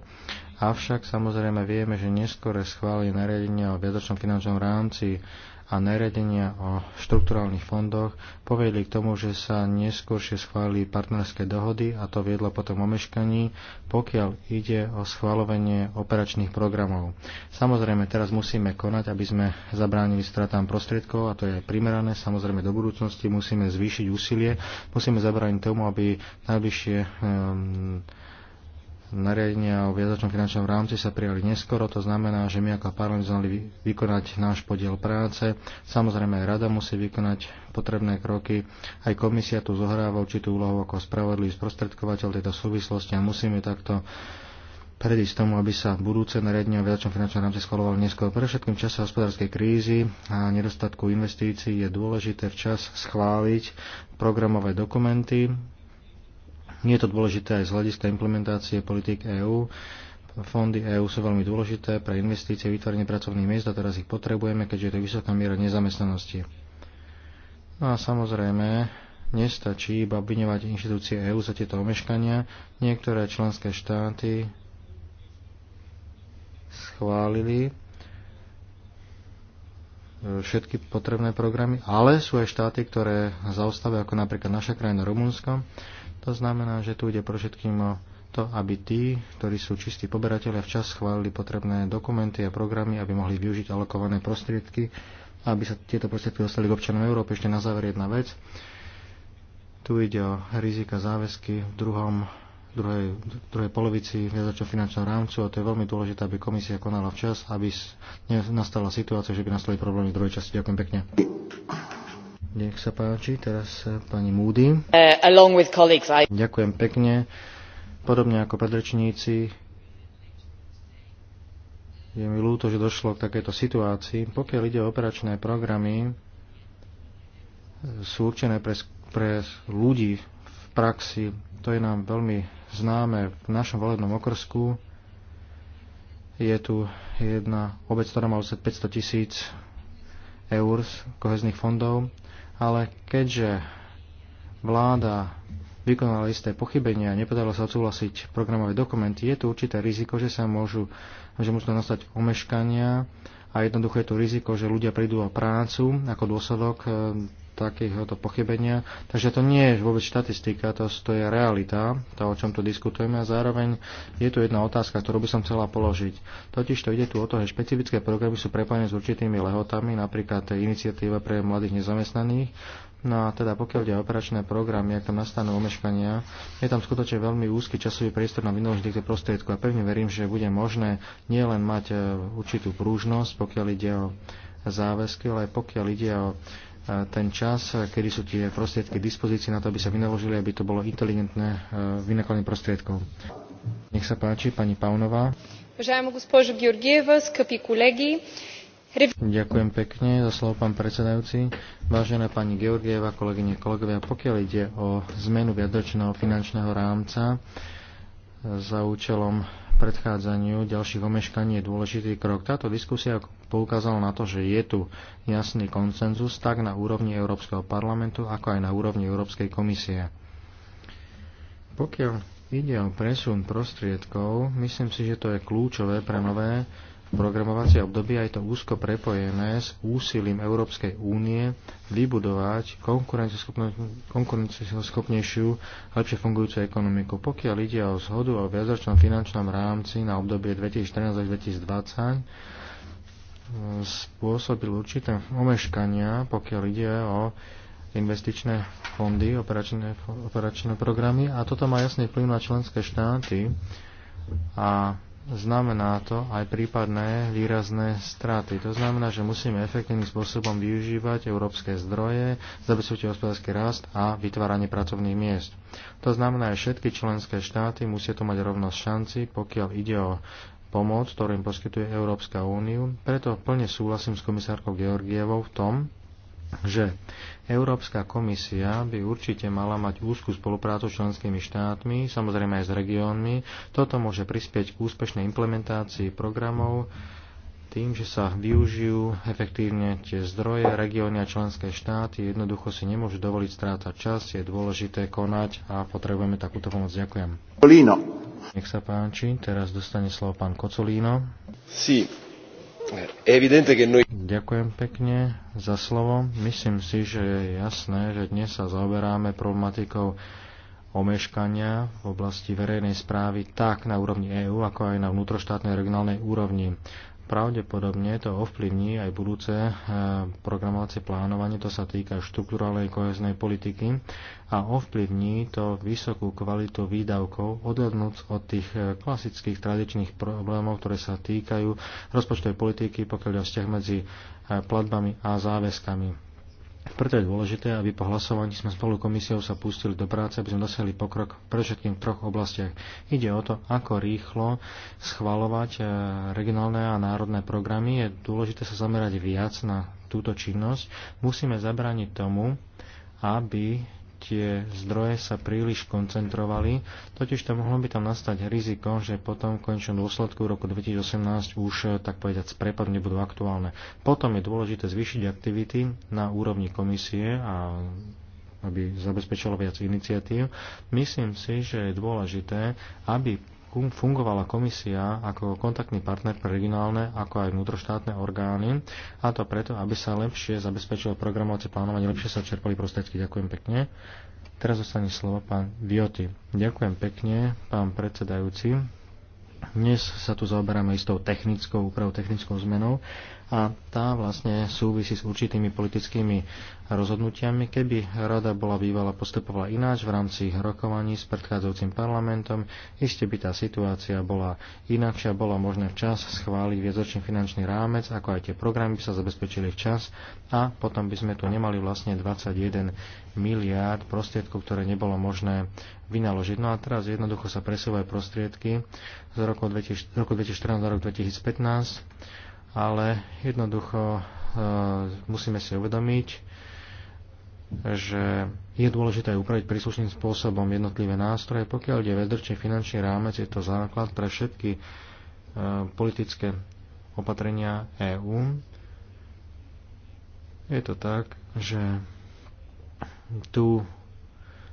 Speaker 1: Avšak samozrejme vieme, že neskore schválili nariadenia o viadočnom finančnom rámci a nariadenia o štrukturálnych fondoch povedli k tomu, že sa neskôršie schválili partnerské dohody a to viedlo potom omeškaní, pokiaľ ide o schválovanie operačných programov. Samozrejme, teraz musíme konať, aby sme zabránili stratám prostriedkov a to je primerané. Samozrejme, do budúcnosti musíme zvýšiť úsilie, musíme zabrániť tomu, aby najbližšie um, nariadenia o viazačnom finančnom rámci sa prijali neskoro, to znamená, že my ako parlament znali vykonať náš podiel práce. Samozrejme aj rada musí vykonať potrebné kroky, aj komisia tu zohráva určitú úlohu ako spravodlivý sprostredkovateľ tejto súvislosti a musíme takto predísť tomu, aby sa budúce nariadenie o viačnom finančnom rámci schvalovalo neskôr. Pre všetkým čase hospodárskej krízy a nedostatku investícií je dôležité včas schváliť programové dokumenty je to dôležité aj z hľadiska implementácie politik EÚ. Fondy EÚ sú veľmi dôležité pre investície, vytvorenie pracovných miest a teraz ich potrebujeme, keďže je to vysoká miera nezamestnanosti. No a samozrejme, nestačí iba obviňovať inštitúcie EÚ za tieto omeškania. Niektoré členské štáty schválili všetky potrebné programy, ale sú aj štáty, ktoré zaostávajú, ako napríklad naša krajina Rumunsko. To znamená, že tu ide pro všetkým o to, aby tí, ktorí sú čistí poberatelia, včas schválili potrebné dokumenty a programy, aby mohli využiť alokované prostriedky, aby sa tieto prostriedky dostali k občanom Európy. Ešte na záver jedna vec. Tu ide o rizika záväzky v druhom, druhej, druhej polovici viazačného finančného rámcu a to je veľmi dôležité, aby komisia konala včas, aby nastala situácia, že by nastali problémy v druhej časti. Ďakujem pekne. Nech sa páči, teraz e, pani Moody.
Speaker 2: Uh,
Speaker 1: Ďakujem pekne. Podobne ako predrečníci, je mi ľúto, že došlo k takejto situácii. Pokiaľ ide o operačné programy, e, sú určené pre, pre ľudí v praxi. To je nám veľmi známe v našom volebnom okrsku. Je tu jedna obec, ktorá má 500 tisíc eur z kohezných fondov ale keďže vláda vykonala isté pochybenia a nepodarilo sa odsúhlasiť programové dokumenty, je tu určité riziko, že sa môžu, že môžu nastať omeškania a jednoducho je tu riziko, že ľudia prídu o prácu ako dôsledok eh, takéhoto pochybenia. Takže to nie je vôbec štatistika, to, to je realita, to, o čom tu diskutujeme. A zároveň je tu jedna otázka, ktorú by som chcela položiť. Totiž to ide tu o to, že špecifické programy sú prepojené s určitými lehotami, napríklad iniciatíva pre mladých nezamestnaných. No a teda pokiaľ ide o operačné programy, ak tam nastanú omeškania, je tam skutočne veľmi úzky časový priestor na vynaloženie týchto prostriedkov a pevne verím, že bude možné nielen mať e, určitú prúžnosť, pokiaľ ide o záväzky, ale aj pokiaľ ide o E, ten čas, e, kedy sú tie prostriedky k dispozícii na to, aby sa vynaložili, aby to bolo inteligentné e, vynakladanie prostriedkov. Nech sa páči, pani Paunová. Ďakujem pekne za slovo, pán predsedajúci. Vážená pani Georgieva, kolegyne, kolegovia, pokiaľ ide o zmenu viadročného finančného rámca za účelom predchádzaniu ďalších omeškaní je dôležitý krok. Táto diskusia poukázala na to, že je tu jasný koncenzus tak na úrovni Európskeho parlamentu, ako aj na úrovni Európskej komisie. Pokiaľ ide o presun prostriedkov, myslím si, že to je kľúčové pre nové programovacie obdobie je to úzko prepojené s úsilím Európskej únie vybudovať konkurencieschopnejšiu, lepšie fungujúcu ekonomiku. Pokiaľ ide o zhodu o viacročnom finančnom rámci na obdobie 2014 až 2020, spôsobil určité omeškania, pokiaľ ide o investičné fondy, operačné, operačné programy a toto má jasný vplyv na členské štáty a znamená to aj prípadné výrazné straty. To znamená, že musíme efektívnym spôsobom využívať európske zdroje, zabezpečiť hospodársky rast a vytváranie pracovných miest. To znamená, že všetky členské štáty musia tu mať rovnosť šanci, pokiaľ ide o pomoc, ktorú im poskytuje Európska úniu. Preto plne súhlasím s komisárkou Georgievou v tom, že Európska komisia by určite mala mať úzkú spoluprácu s členskými štátmi, samozrejme aj s regiónmi. Toto môže prispieť k úspešnej implementácii programov tým, že sa využijú efektívne tie zdroje, regióny a členské štáty. Jednoducho si nemôžu dovoliť strácať čas, je dôležité konať a potrebujeme takúto pomoc. Ďakujem. Kolíno. Nech sa páči, teraz dostane slovo pán Kocolíno. Sí. Ďakujem pekne za slovo. Myslím si, že je jasné, že dnes sa zaoberáme problematikou omeškania v oblasti verejnej správy tak na úrovni EÚ, ako aj na vnútroštátnej regionálnej úrovni. Pravdepodobne to ovplyvní aj budúce e, programovacie plánovanie, to sa týka štruktúralnej koheznej politiky a ovplyvní to vysokú kvalitu výdavkov, odhľadnúc od tých e, klasických tradičných problémov, ktoré sa týkajú rozpočtovej politiky, pokiaľ je vzťah medzi e, platbami a záväzkami. Preto je dôležité, aby po hlasovaní sme spolu komisiou sa pustili do práce, aby sme dosiahli pokrok pre všetkým v troch oblastiach. Ide o to, ako rýchlo schvalovať e, regionálne a národné programy. Je dôležité sa zamerať viac na túto činnosť. Musíme zabrániť tomu, aby tie zdroje sa príliš koncentrovali, totiž to mohlo by tam nastať riziko, že potom v končnom dôsledku v roku 2018 už, eh, tak povedať, prepadne budú aktuálne. Potom je dôležité zvýšiť aktivity na úrovni komisie a aby zabezpečilo viac iniciatív. Myslím si, že je dôležité, aby fungovala komisia ako kontaktný partner pre regionálne ako aj vnútroštátne orgány a to preto, aby sa lepšie zabezpečilo programovacie plánovanie, lepšie sa čerpali prostriedky. Ďakujem pekne. Teraz zostane slovo pán Vioty. Ďakujem pekne, pán predsedajúci. Dnes sa tu zaoberáme istou technickou úpravou, technickou zmenou a tá vlastne súvisí s určitými politickými rozhodnutiami. Keby rada bola bývala postupovala ináč v rámci rokovaní s predchádzajúcim parlamentom, iste by tá situácia bola inakšia, bola možné včas schváliť viedzočný finančný rámec, ako aj tie programy by sa zabezpečili včas a potom by sme tu nemali vlastne 21 miliárd prostriedkov, ktoré nebolo možné vynaložiť. No a teraz jednoducho sa presúvajú prostriedky z roku 2014 do roku 2015 ale jednoducho eh, musíme si uvedomiť, že je dôležité upraviť príslušným spôsobom jednotlivé nástroje. Pokiaľ ide vedrčný finančný rámec, je to základ pre všetky eh, politické opatrenia EÚ. Je to tak, že tu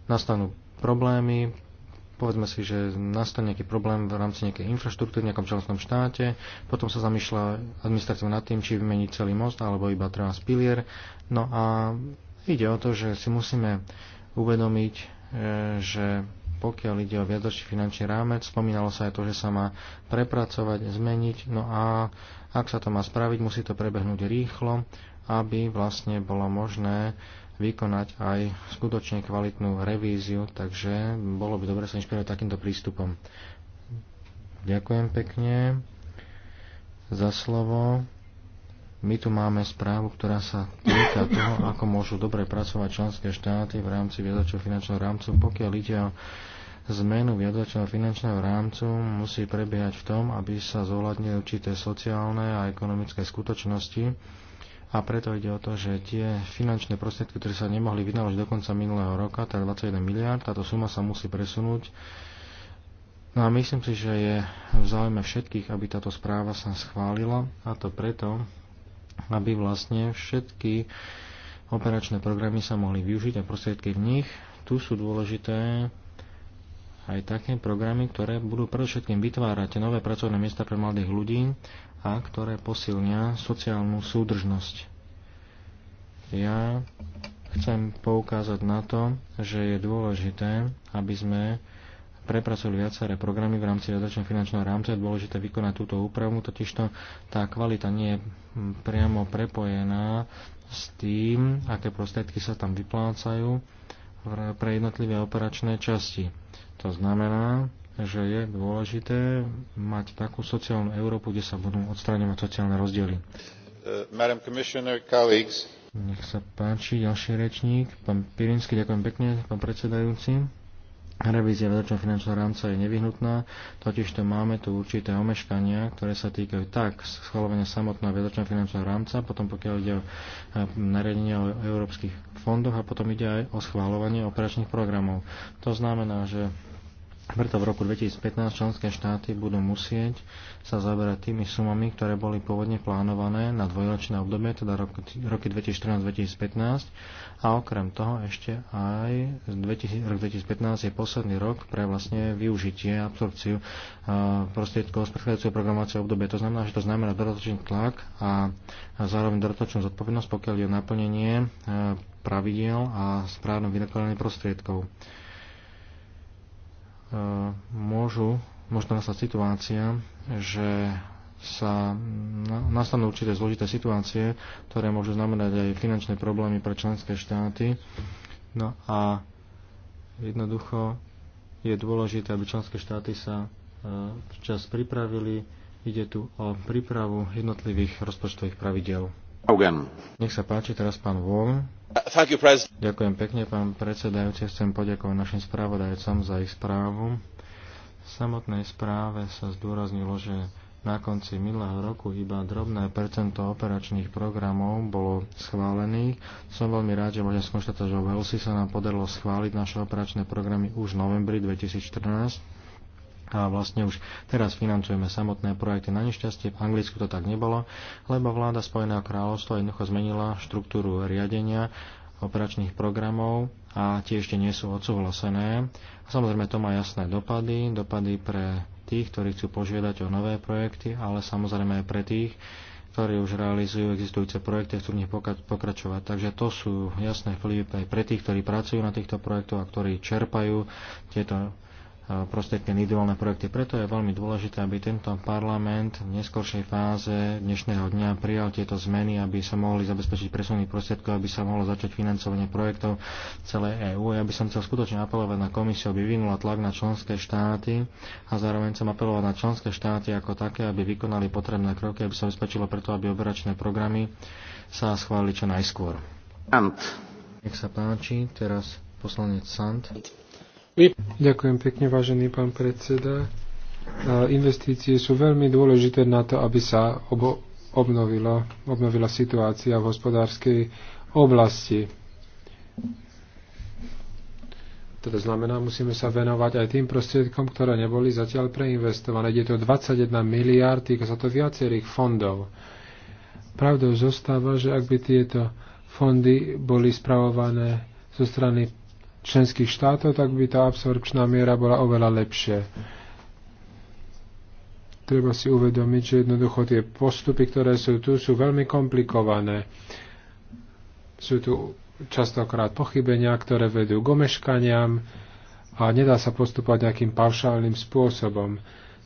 Speaker 1: nastanú problémy, povedzme si, že nastane nejaký problém v rámci nejakej infraštruktúry v nejakom členskom štáte, potom sa zamýšľa administratíva nad tým, či vymeniť celý most alebo iba treba pilier. No a ide o to, že si musíme uvedomiť, e, že pokiaľ ide o viadočný finančný rámec, spomínalo sa aj to, že sa má prepracovať, zmeniť, no a ak sa to má spraviť, musí to prebehnúť rýchlo, aby vlastne bolo možné vykonať aj skutočne kvalitnú revíziu, takže bolo by dobre sa inšpirovať takýmto prístupom. Ďakujem pekne za slovo. My tu máme správu, ktorá sa týka toho, ako môžu dobre pracovať členské štáty v rámci viazačného finančného rámcu. Pokiaľ ide o zmenu viazačného finančného rámcu, musí prebiehať v tom, aby sa zohľadnili určité sociálne a ekonomické skutočnosti, a preto ide o to, že tie finančné prostriedky, ktoré sa nemohli vynaložiť do konca minulého roka, teda 21 miliard, táto suma sa musí presunúť. No a myslím si, že je v záujme všetkých, aby táto správa sa schválila a to preto, aby vlastne všetky operačné programy sa mohli využiť a prostriedky v nich. Tu sú dôležité aj také programy, ktoré budú predovšetkým vytvárať nové pracovné miesta pre mladých ľudí a ktoré posilnia sociálnu súdržnosť. Ja chcem poukázať na to, že je dôležité, aby sme prepracovali viaceré programy v rámci dotačného finančného rámca. Je dôležité vykonať túto úpravu, totižto tá kvalita nie je priamo prepojená s tým, aké prostriedky sa tam vyplácajú pre jednotlivé operačné časti. To znamená, že je dôležité mať takú sociálnu Európu, kde sa budú odstraňovať sociálne rozdiely.
Speaker 3: Uh,
Speaker 1: Nech sa páči, ďalší rečník. Pán Pirinsky, ďakujem pekne, pán predsedajúci. Revízia vedočného finančného rámca je nevyhnutná, totiž to máme tu určité omeškania, ktoré sa týkajú tak schvalovania samotného vedočného finančného rámca, potom pokiaľ ide o e, nariadenie o európskych fondoch a potom ide aj o schvalovanie operačných programov. To znamená, že preto v roku 2015 členské štáty budú musieť sa zaberať tými sumami, ktoré boli pôvodne plánované na dvojročné obdobie, teda roky 2014-2015 a okrem toho ešte aj rok 2015 je posledný rok pre vlastne využitie, absorpciu prostriedkov z prechádzajúceho programovacieho obdobia. To znamená, že to znamená dodatočný tlak a zároveň dodatočnú zodpovednosť, pokiaľ je naplnenie e, pravidiel a správne vynakladanie prostriedkov. Eh, môžu, možno nastať situácia, že sa nastanú určité zložité situácie, ktoré môžu znamenať aj finančné problémy pre členské štáty. No a jednoducho je dôležité, aby členské štáty sa eh, včas pripravili. Ide tu o prípravu jednotlivých rozpočtových pravidel. Nech sa páči teraz pán Vaughan. Ďakujem pekne, pán predsedajúci. Chcem poďakovať našim správodajcom za ich správu. V samotnej správe sa zdôraznilo, že na konci minulého roku iba drobné percento operačných programov bolo schválených. Som veľmi rád, že môžem skonštatovať, že v Helsi sa nám podarilo schváliť naše operačné programy už v novembri 2014 a vlastne už teraz financujeme samotné projekty. Na nešťastie v Anglicku to tak nebolo, lebo vláda Spojeného kráľovstva jednoducho zmenila štruktúru riadenia operačných programov a tie ešte nie sú odsúhlasené. A samozrejme to má jasné dopady, dopady pre tých, ktorí chcú požiadať o nové projekty, ale samozrejme aj pre tých, ktorí už realizujú existujúce projekty a chcú v nich pokračovať. Takže to sú jasné vplyvy aj pre tých, ktorí pracujú na týchto projektoch a ktorí čerpajú tieto prostriedky na individuálne projekty. Preto je veľmi dôležité, aby tento parlament v neskoršej fáze dnešného dňa prijal tieto zmeny, aby sa mohli zabezpečiť presuny prostriedkov, aby sa mohlo začať financovanie projektov celej EÚ. Ja by som chcel skutočne apelovať na komisiu, aby vyvinula tlak na členské štáty a zároveň som apelovať na členské štáty ako také, aby vykonali potrebné kroky, aby sa zabezpečilo preto, aby operačné programy sa schválili čo najskôr. Ant. Nech sa páči, teraz poslanec Sant.
Speaker 3: Ďakujem pekne, vážený pán predseda. Investície sú veľmi dôležité na to, aby sa obo- obnovila, obnovila situácia v hospodárskej oblasti. Teda znamená, musíme sa venovať aj tým prostriedkom, ktoré neboli zatiaľ preinvestované. Je to 21 miliard, týka sa to viacerých fondov. Pravdou zostáva, že ak by tieto fondy boli spravované zo strany členských štátov, tak by tá absorpčná miera bola oveľa lepšie. Treba si uvedomiť, že jednoducho tie postupy, ktoré sú tu, sú veľmi komplikované. Sú tu častokrát pochybenia, ktoré vedú k omeškaniam a nedá sa postupovať nejakým paušálnym spôsobom.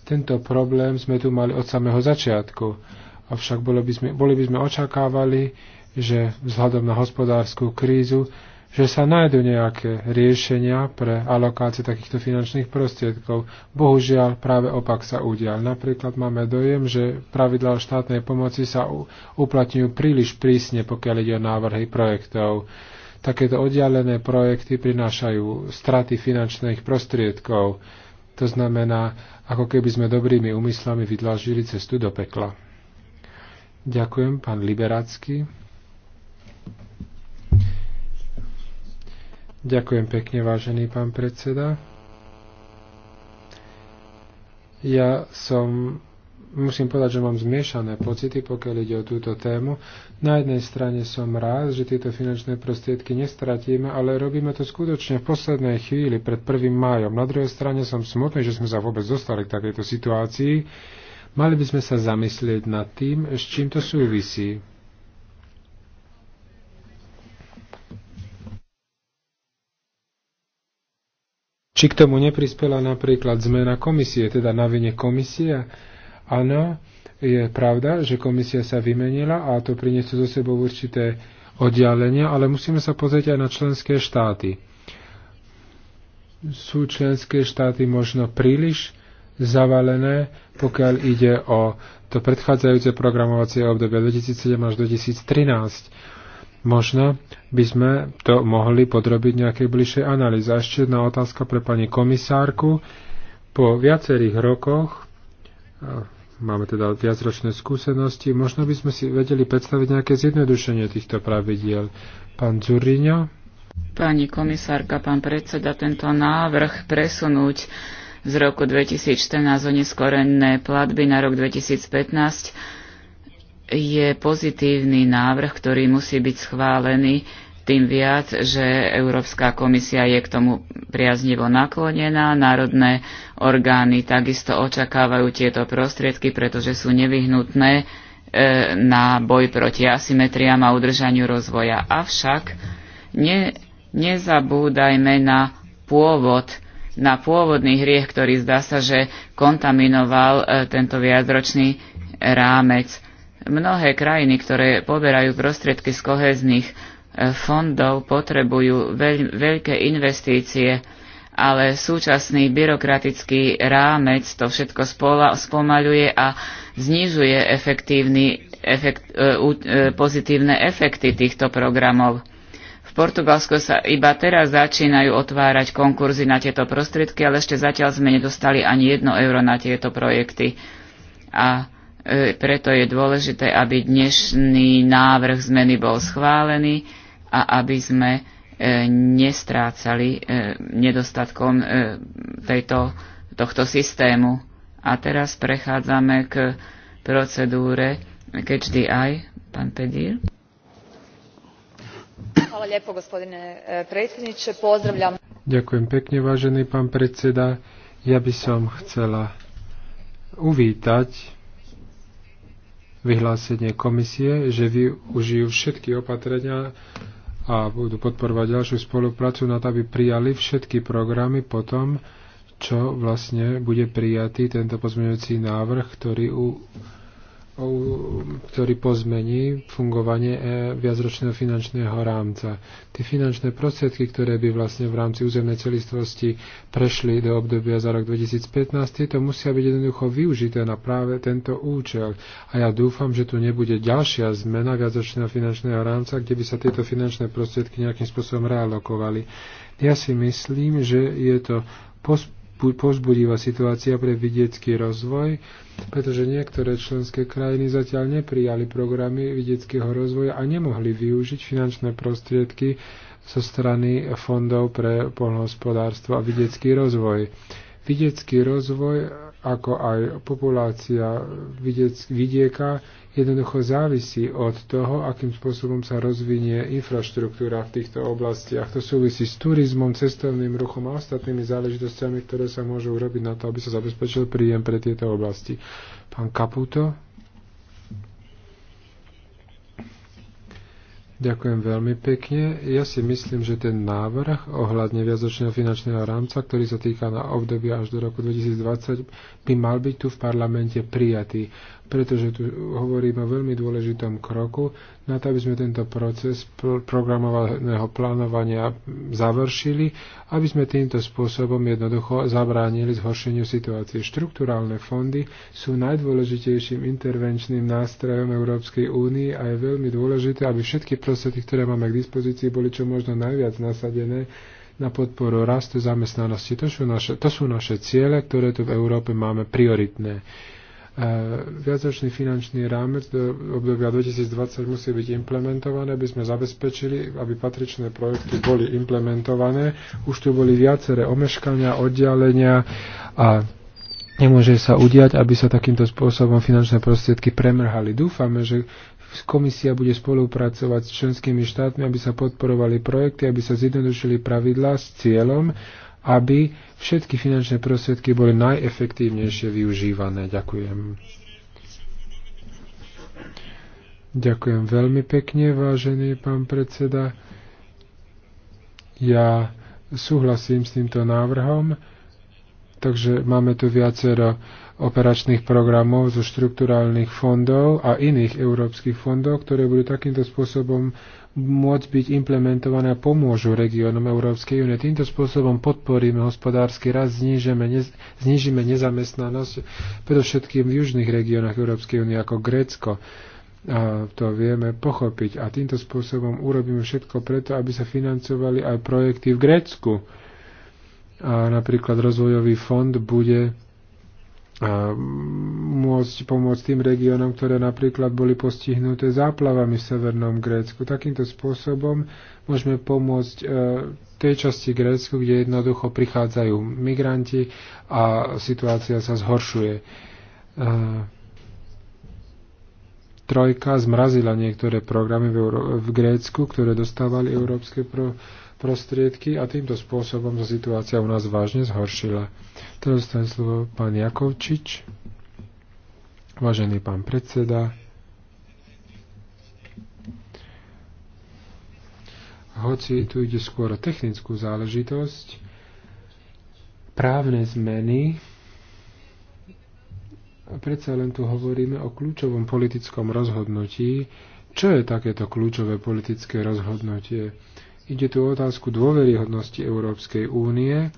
Speaker 3: Tento problém sme tu mali od samého začiatku, avšak boli by sme, boli by sme očakávali, že vzhľadom na hospodárskú krízu že sa nájdu nejaké riešenia pre alokáciu takýchto finančných prostriedkov. Bohužiaľ, práve opak sa udial. Napríklad máme dojem, že pravidlá štátnej pomoci sa uplatňujú príliš prísne, pokiaľ ide o návrhy projektov. Takéto oddialené projekty prinášajú straty finančných prostriedkov. To znamená, ako keby sme dobrými úmyslami vydlažili cestu do pekla. Ďakujem, pán Liberacký. Ďakujem pekne, vážený pán predseda. Ja som, musím povedať, že mám zmiešané pocity, pokiaľ ide o túto tému. Na jednej strane som rád, že tieto finančné prostriedky nestratíme, ale robíme to skutočne v poslednej chvíli, pred 1. májom. Na druhej strane som smutný, že sme sa vôbec dostali k takejto situácii. Mali by sme sa zamyslieť nad tým, s čím to súvisí. Či k tomu neprispela napríklad zmena komisie, teda na vine komisia? Áno, je pravda, že komisia sa vymenila a to prinieslo zo sebou určité oddialenia, ale musíme sa pozrieť aj na členské štáty. Sú členské štáty možno príliš zavalené, pokiaľ ide o to predchádzajúce programovacie obdobie 2007 až 2013 Možno by sme to mohli podrobiť nejakej bližšej analýze. A ešte jedna otázka pre pani komisárku. Po viacerých rokoch, máme teda viacročné skúsenosti, možno by sme si vedeli predstaviť nejaké zjednodušenie týchto pravidiel. Pán Zuriňa?
Speaker 2: Pani komisárka, pán predseda, tento návrh presunúť z roku 2014 o neskorené platby na rok 2015 je pozitívny návrh, ktorý musí byť schválený, tým viac, že Európska komisia je k tomu priaznivo naklonená. Národné orgány takisto očakávajú tieto prostriedky, pretože sú nevyhnutné e, na boj proti asymetriám a udržaniu rozvoja. Avšak ne, nezabúdajme na pôvod, na pôvodný hriech, ktorý zdá sa, že kontaminoval e, tento viacročný rámec Mnohé krajiny, ktoré poberajú prostriedky z kohezných e, fondov, potrebujú veľ, veľké investície, ale súčasný byrokratický rámec to všetko spola, spomaľuje a znižuje efektívny, efekt, e, e, pozitívne efekty týchto programov. V Portugalsku sa iba teraz začínajú otvárať konkurzy na tieto prostriedky, ale ešte zatiaľ sme nedostali ani jedno euro na tieto projekty. A E, preto je dôležité, aby dnešný návrh zmeny bol schválený a aby sme e, nestrácali e, nedostatkom tejto, tohto systému. A teraz prechádzame k procedúre Catch Pán Pedír. Hvala lijepo, gospodine predsjedniče. Pozdravljam.
Speaker 3: Ďakujem pekne, vážený pán predseda. Ja by som chcela uvítať vyhlásenie komisie, že využijú všetky opatrenia a budú podporovať ďalšiu spoluprácu na to, aby prijali všetky programy potom, čo vlastne bude prijatý tento pozmeňujúci návrh, ktorý u, ktorý pozmení fungovanie e, viacročného finančného rámca. Tie finančné prostriedky, ktoré by vlastne v rámci územnej celistvosti prešli do obdobia za rok 2015, tieto musia byť jednoducho využité na práve tento účel. A ja dúfam, že tu nebude ďalšia zmena viacročného finančného rámca, kde by sa tieto finančné prostriedky nejakým spôsobom realokovali. Ja si myslím, že je to pozbudivá situácia pre vidiecký rozvoj, pretože niektoré členské krajiny zatiaľ neprijali programy vidieckého rozvoja a nemohli využiť finančné prostriedky zo so strany fondov pre polnohospodárstvo a vidiecký rozvoj. Vidiecký rozvoj, ako aj populácia vidieka, jednoducho závisí od toho, akým spôsobom sa rozvinie infraštruktúra v týchto oblastiach. To súvisí s turizmom, cestovným ruchom a ostatnými záležitosťami, ktoré sa môžu urobiť na to, aby sa zabezpečil príjem pre tieto oblasti. Pán Kaputo. Ďakujem veľmi pekne. Ja si myslím, že ten návrh ohľadne viazočného finančného rámca, ktorý sa týka na obdobie až do roku 2020, by mal byť tu v parlamente prijatý pretože tu hovoríme o veľmi dôležitom kroku na to, aby sme tento proces programovaného plánovania završili, aby sme týmto spôsobom jednoducho zabránili zhoršeniu situácie. Štruktúrálne fondy sú najdôležitejším intervenčným nástrojom Európskej únie a je veľmi dôležité, aby všetky prostriedky, ktoré máme k dispozícii, boli čo možno najviac nasadené na podporu rastu zamestnanosti. To sú naše, to sú naše ciele, ktoré tu v Európe máme prioritné. Viacročný finančný rámec do obdobia 2020 musí byť implementované, aby sme zabezpečili, aby patričné projekty boli implementované. Už tu boli viaceré omeškania, oddialenia a nemôže sa udiať, aby sa takýmto spôsobom finančné prostriedky premrhali. Dúfame, že komisia bude spolupracovať s členskými štátmi, aby sa podporovali projekty, aby sa zjednodušili pravidlá s cieľom, aby všetky finančné prostriedky boli najefektívnejšie využívané. Ďakujem. Ďakujem veľmi pekne, vážený pán predseda. Ja súhlasím s týmto návrhom, takže máme tu viacero operačných programov zo štrukturálnych fondov a iných európskych fondov, ktoré budú takýmto spôsobom môcť byť implementované a pomôžu regiónom Európskej únie. Týmto spôsobom podporíme hospodársky rast, znížime, ne, nezamestnanosť, predovšetkým v južných regiónoch Európskej únie ako Grécko. A to vieme pochopiť a týmto spôsobom urobíme všetko preto, aby sa financovali aj projekty v Grécku. A napríklad rozvojový fond bude môcť pomôcť tým regiónom, ktoré napríklad boli postihnuté záplavami v Severnom Grécku. Takýmto spôsobom môžeme pomôcť e, tej časti Grécku, kde jednoducho prichádzajú migranti a situácia sa zhoršuje. E, trojka zmrazila niektoré programy v, Grécku, ktoré dostávali európske programy prostriedky a týmto spôsobom sa situácia u nás vážne zhoršila. Teraz dostane slovo pán Jakovčič, vážený pán predseda. Hoci tu ide skôr o technickú záležitosť, právne zmeny a predsa len tu hovoríme o kľúčovom politickom rozhodnutí. Čo je takéto kľúčové politické rozhodnutie? Ide tu o otázku dôveryhodnosti Európskej únie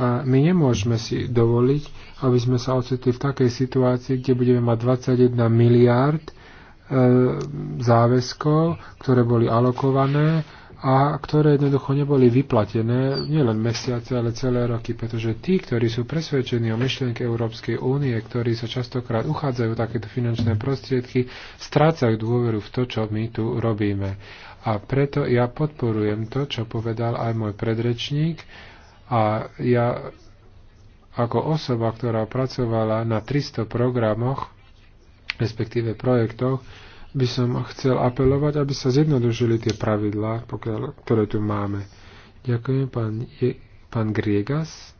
Speaker 3: a my nemôžeme si dovoliť, aby sme sa ocitli v takej situácii, kde budeme mať 21 miliárd e, záväzkov, ktoré boli alokované a ktoré jednoducho neboli vyplatené nielen mesiace, ale celé roky, pretože tí, ktorí sú presvedčení o myšlienke Európskej únie, ktorí sa častokrát uchádzajú takéto finančné prostriedky, strácajú dôveru v to, čo my tu robíme. A preto ja podporujem to, čo povedal aj môj predrečník. A ja ako osoba, ktorá pracovala na 300 programoch, respektíve projektoch, by som chcel apelovať, aby sa zjednodušili tie pravidlá, ktoré tu máme. Ďakujem, pán, pán Griegas.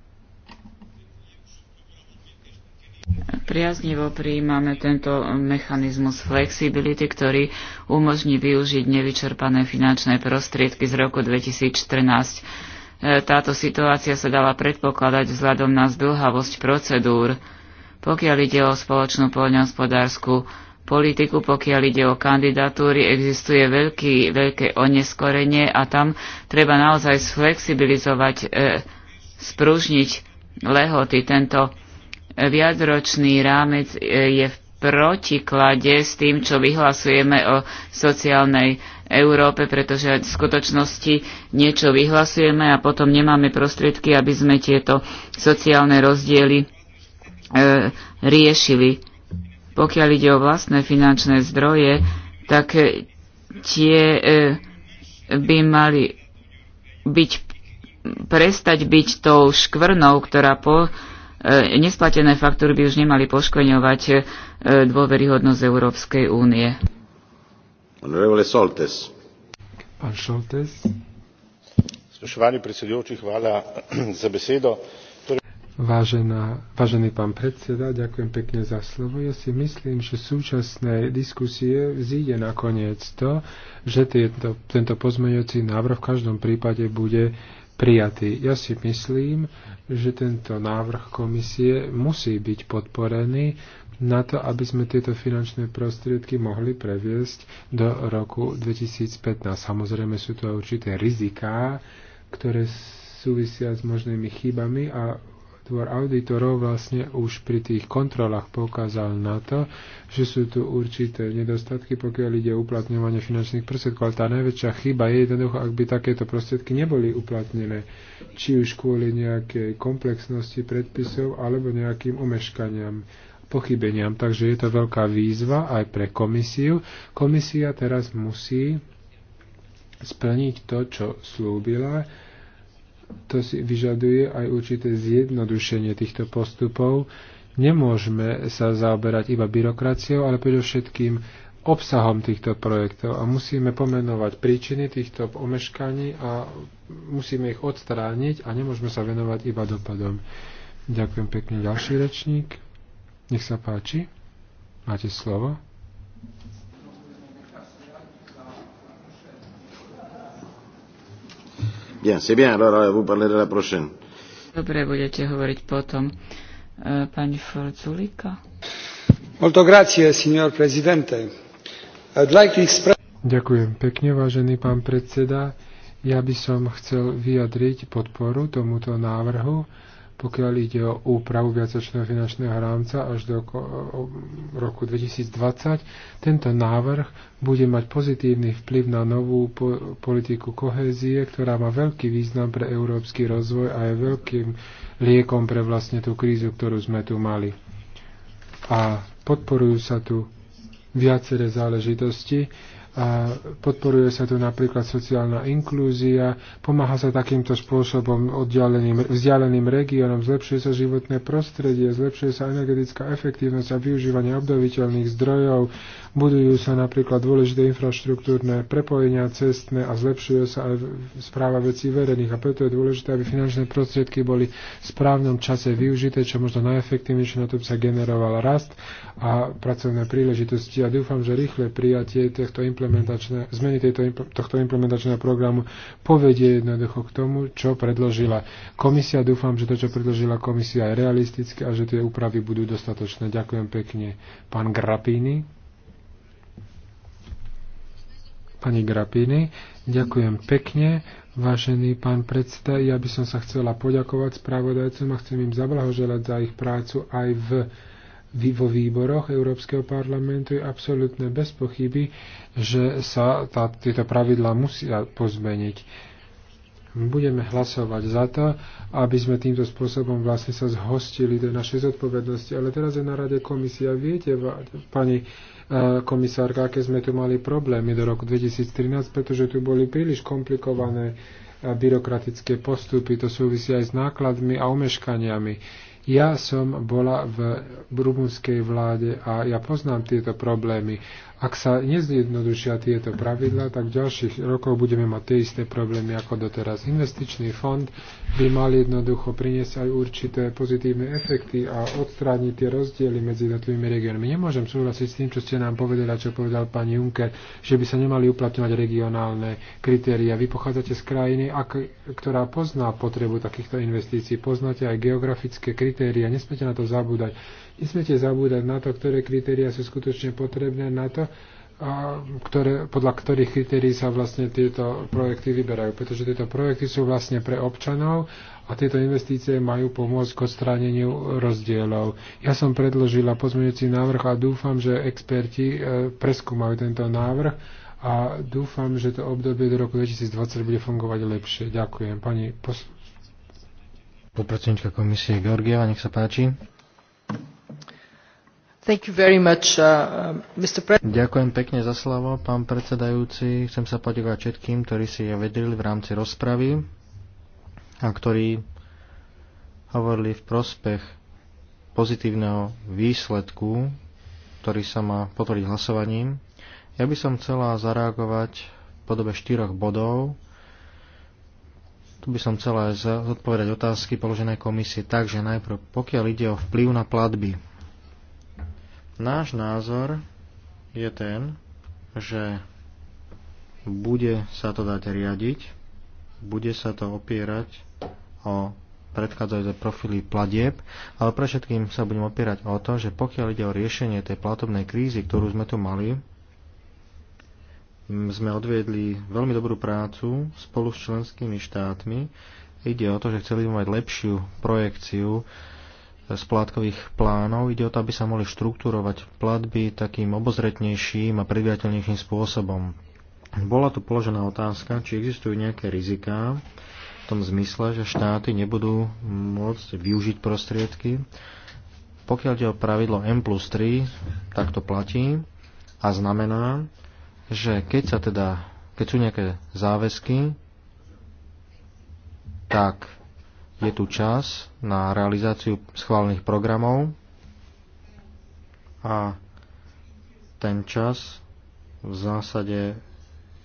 Speaker 2: Priaznivo prijímame tento mechanizmus flexibility, ktorý umožní využiť nevyčerpané finančné prostriedky z roku 2014. E, táto situácia sa dala predpokladať vzhľadom na zdlhavosť procedúr. Pokiaľ ide o spoločnú poľnohospodárskú politiku, pokiaľ ide o kandidatúry, existuje veľký, veľké oneskorenie a tam treba naozaj sflexibilizovať, e, spružniť lehoty. Tento viacročný rámec e, je v protiklade s tým, čo vyhlasujeme o sociálnej Európe, pretože v skutočnosti niečo vyhlasujeme a potom nemáme prostriedky, aby sme tieto sociálne rozdiely e, riešili. Pokiaľ ide o vlastné finančné zdroje, tak e, tie e, by mali byť, prestať byť tou škvrnou, ktorá po, E, nesplatené faktúry by už nemali poškoňovať e, dôveryhodnosť Európskej únie.
Speaker 1: Honorable Soltes.
Speaker 2: Pán Soltes.
Speaker 3: Spoštovani
Speaker 1: predsedujoči, chváľa za besedo.
Speaker 3: Vážená, vážený pán predseda, ďakujem pekne za slovo. Ja si myslím, že súčasnej diskusie vzíde nakoniec to, že tieto, tento pozmeňujúci návrh v každom prípade bude prijatý. Ja si myslím, že tento návrh komisie musí byť podporený na to, aby sme tieto finančné prostriedky mohli previesť do roku 2015. Samozrejme sú to určité riziká, ktoré súvisia s možnými chybami a dvor auditorov vlastne už pri tých kontrolách poukázal na to, že sú tu určité nedostatky, pokiaľ ide o uplatňovanie finančných prostriedkov. Ale tá najväčšia chyba je jednoducho, ak by takéto prostriedky neboli uplatnené, či už kvôli nejakej komplexnosti predpisov alebo nejakým omeškaniam pochybeniam. Takže je to veľká výzva aj pre komisiu. Komisia teraz musí splniť to, čo slúbila to si vyžaduje aj určité zjednodušenie týchto postupov. Nemôžeme sa zaoberať iba byrokraciou, ale predovšetkým obsahom týchto projektov a musíme pomenovať príčiny týchto omeškaní a musíme ich odstrániť a nemôžeme sa venovať iba dopadom. Ďakujem pekne. Ďalší rečník. Nech sa páči. Máte slovo.
Speaker 1: Bien, c'est bien, alors euh, vous parlerez la prochaine.
Speaker 2: Dobre, budete hovoriť potom. E, pani Forzulika. Molto grazie, signor presidente. I'd like to express...
Speaker 3: Ďakujem pekne, vážený pán predseda. Ja by som chcel vyjadriť podporu tomuto návrhu pokiaľ ide o úpravu viacočného finančného rámca až do roku 2020. Tento návrh bude mať pozitívny vplyv na novú po- politiku kohézie, ktorá má veľký význam pre európsky rozvoj a je veľkým liekom pre vlastne tú krízu, ktorú sme tu mali. A podporujú sa tu viaceré záležitosti, podporuje sa tu napríklad sociálna inklúzia, pomáha sa takýmto spôsobom oddialeným, vzdialeným regiónom, zlepšuje sa životné prostredie, zlepšuje sa energetická efektívnosť a využívanie obdoviteľných zdrojov, budujú sa napríklad dôležité infraštruktúrne prepojenia cestné a zlepšuje sa aj správa vecí verejných. A preto je dôležité, aby finančné prostriedky boli v správnom čase využité, čo možno najefektívnejšie na to by sa generoval rast a pracovné príležitosti. A dúfam, že rýchle prijatie tohto implementačné, zmeny tejto, tohto implementačného programu povedie jednoducho k tomu, čo predložila komisia. Dúfam, že to, čo predložila komisia, je realistické a že tie úpravy budú dostatočné. Ďakujem pekne. Pán Grapini. Pani Grapini, ďakujem pekne. Vážený pán predseda, ja by som sa chcela poďakovať spravodajcom a chcem im zablahoželať za ich prácu aj v vo výboroch Európskeho parlamentu je absolútne bez pochyby, že sa tá, tieto pravidlá musia pozmeniť. Budeme hlasovať za to, aby sme týmto spôsobom vlastne sa zhostili do našej zodpovednosti. Ale teraz je na rade komisia. Viete, pani eh, komisárka, aké sme tu mali problémy do roku 2013, pretože tu boli príliš komplikované eh, byrokratické postupy. To súvisia aj s nákladmi a omeškaniami ja som bola v rumunskej vláde a ja poznám tieto problémy ak sa nezjednodušia tieto pravidla, tak v ďalších rokoch budeme mať tie isté problémy ako doteraz. Investičný fond by mal jednoducho priniesť aj určité pozitívne efekty a odstrániť tie rozdiely medzi jednotlivými regiónmi. Nemôžem súhlasiť s tým, čo ste nám povedali a čo povedal pán Juncker, že by sa nemali uplatňovať regionálne kritéria. Vy pochádzate z krajiny, ktorá pozná potrebu takýchto investícií. Poznáte aj geografické kritéria. Nesmete na to zabúdať. Nesmiete zabúdať na to, ktoré kritéria sú skutočne potrebné na to, a ktoré, podľa ktorých kritérií sa vlastne tieto projekty vyberajú. Pretože tieto projekty sú vlastne pre občanov a tieto investície majú pomôcť k odstráneniu rozdielov. Ja som predložila pozmeňujúci návrh a dúfam, že experti e, preskúmajú tento návrh a dúfam, že to obdobie do roku 2020 bude fungovať lepšie. Ďakujem. Pani pos...
Speaker 1: podpredsednička komisie Georgieva, nech sa páči. Uh, uh, Ďakujem pekne za slovo, pán predsedajúci. Chcem sa poďakovať všetkým, ktorí si je vedeli v rámci rozpravy a ktorí hovorili v prospech pozitívneho výsledku, ktorý sa má potvrdiť hlasovaním. Ja by som chcela zareagovať v podobe štyroch bodov. Tu by som chcela zodpovedať otázky položené komisie. Takže najprv, pokiaľ ide o vplyv na platby, Náš názor je ten, že bude sa to dať riadiť, bude sa to opierať o predchádzajúce profily platieb, ale pre všetkým sa budem opierať o to, že pokiaľ ide o riešenie tej platobnej krízy, ktorú sme tu mali, sme odviedli veľmi dobrú prácu spolu s členskými štátmi. Ide o to, že chceli mať lepšiu projekciu splátkových plánov. Ide o to, aby sa mohli štruktúrovať platby takým obozretnejším a predviateľnejším spôsobom. Bola tu položená otázka, či existujú nejaké riziká v tom zmysle, že štáty nebudú môcť využiť prostriedky. Pokiaľ ide o pravidlo M plus 3, tak to platí a znamená, že keď sa teda, keď sú nejaké záväzky, tak je tu čas na realizáciu schválených programov a ten čas v zásade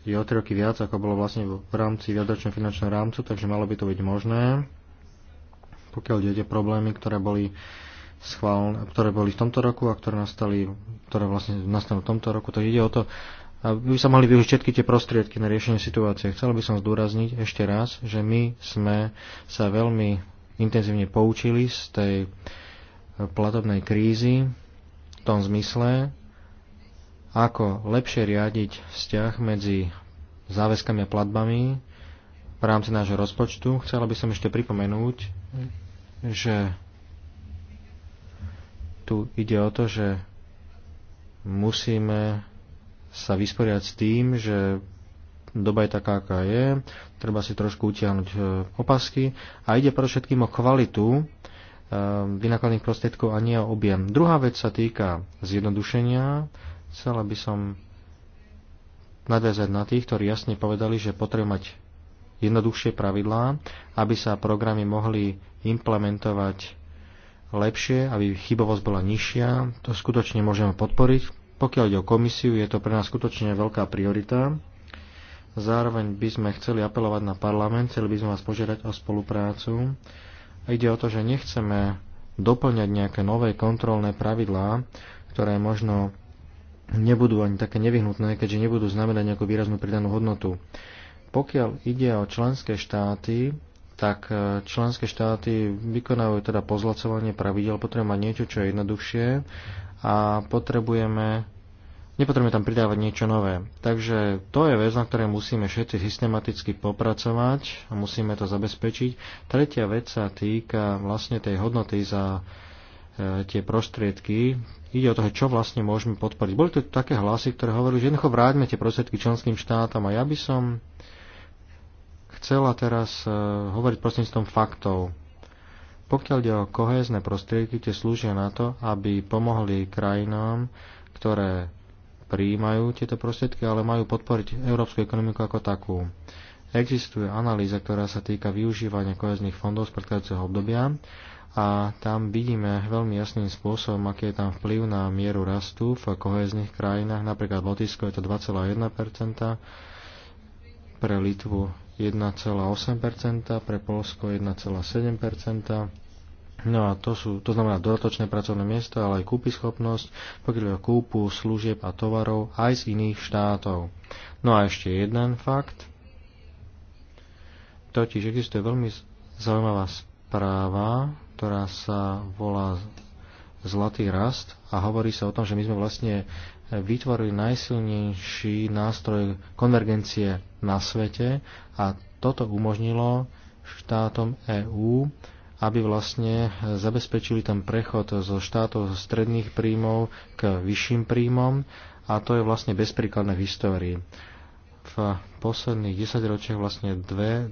Speaker 1: je o 3 roky viac, ako bolo vlastne v rámci viadočného finančného rámcu, takže malo by to byť možné, pokiaľ ide problémy, ktoré boli schválne, ktoré boli v tomto roku a ktoré nastali, ktoré vlastne nastanú v tomto roku, tak ide o to, a by sa mali využiť všetky tie prostriedky na riešenie situácie. Chcel by som zdôrazniť ešte raz, že my sme sa veľmi intenzívne poučili z tej e, platobnej krízy v tom zmysle, ako lepšie riadiť vzťah medzi záväzkami a platbami v rámci nášho rozpočtu. Chcela by som ešte pripomenúť, že tu ide o to, že musíme sa vysporiať s tým, že doba je taká, aká je, treba si trošku utiahnuť e, opasky a ide všetkým o kvalitu e, vynakladných prostriedkov a nie o objem. Druhá vec sa týka zjednodušenia. Chcela by som nadviazať na tých, ktorí jasne povedali, že potrebujú mať jednoduchšie pravidlá, aby sa programy mohli implementovať lepšie, aby chybovosť bola nižšia. To skutočne môžeme podporiť pokiaľ ide o komisiu, je to pre nás skutočne veľká priorita. Zároveň by sme chceli apelovať na parlament, chceli by sme vás požiadať o spoluprácu. Ide o to, že nechceme doplňať nejaké nové kontrolné pravidlá, ktoré možno nebudú ani také nevyhnutné, keďže nebudú znamenať nejakú výraznú pridanú hodnotu. Pokiaľ ide o členské štáty, tak e, členské štáty vykonávajú teda pozlacovanie pravidel, potrebujú mať niečo, čo je jednoduchšie a potrebujeme, nepotrebujeme tam pridávať niečo nové. Takže to je vec, na ktorej musíme všetci systematicky popracovať a musíme to zabezpečiť. Tretia vec sa týka vlastne tej hodnoty za e, tie prostriedky. Ide o to, čo vlastne môžeme podporiť. Boli to také hlasy, ktoré hovorili, že jednoducho vráťme tie prostriedky členským štátom a ja by som chcela teraz e, hovoriť prostredníctvom faktov. Pokiaľ ide o kohézne prostriedky, tie slúžia na to, aby pomohli krajinám, ktoré prijímajú tieto prostriedky, ale majú podporiť európsku ekonomiku ako takú. Existuje analýza, ktorá sa týka využívania kohezných fondov z predchádzajúceho obdobia a tam vidíme veľmi jasným spôsobom, aký je tam vplyv na mieru rastu v kohezných krajinách. Napríklad v Lotisku je to 2,1%, pre Litvu 1,8%, pre Polsko 1,7%. No a to, sú, to znamená dodatočné pracovné miesta, ale aj kúpyschopnosť, pokiaľ kúpu služieb a tovarov aj z iných štátov. No a ešte jeden fakt. Totiž existuje veľmi zaujímavá správa, ktorá sa volá Zlatý rast a hovorí sa o tom, že my sme vlastne vytvorili najsilnejší nástroj konvergencie na svete a toto umožnilo štátom EÚ, aby vlastne zabezpečili ten prechod zo štátov zo stredných príjmov k vyšším príjmom a to je vlastne bezpríkladné v histórii. V posledných 10 ročiach vlastne 20,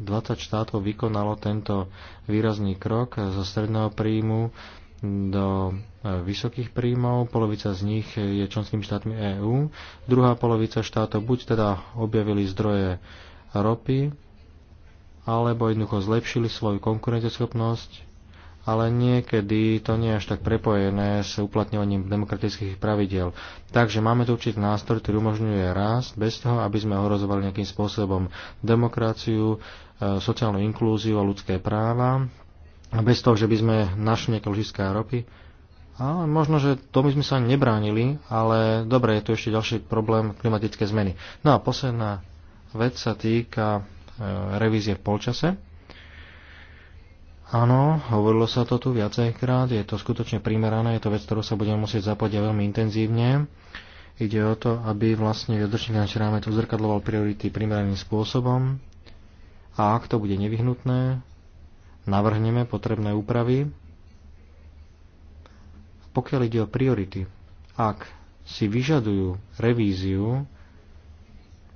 Speaker 1: 20 štátov vykonalo tento výrazný krok zo stredného príjmu do e, vysokých príjmov, polovica z nich je členskými štátmi EÚ, druhá polovica štátov buď teda objavili zdroje ropy, alebo jednoducho zlepšili svoju konkurenceschopnosť, ale niekedy to nie je až tak prepojené s uplatňovaním demokratických pravidel. Takže máme tu určitý nástroj, ktorý umožňuje rast bez toho, aby sme ohrozovali nejakým spôsobom demokraciu, e, sociálnu inklúziu a ľudské práva bez toho, že by sme našli nejaké ložiska ropy. A možno, že to my sme sa nebránili, ale dobre, je tu ešte ďalší problém klimatické zmeny. No a posledná vec sa týka e, revízie v polčase. Áno, hovorilo sa to tu viacejkrát, je to skutočne primerané, je to vec, ktorú sa budeme musieť zapojiť veľmi intenzívne. Ide o to, aby vlastne viadočný finančný rámec uzrkadloval priority primeraným spôsobom a ak to bude nevyhnutné, navrhneme potrebné úpravy. Pokiaľ ide o priority, ak si vyžadujú revíziu,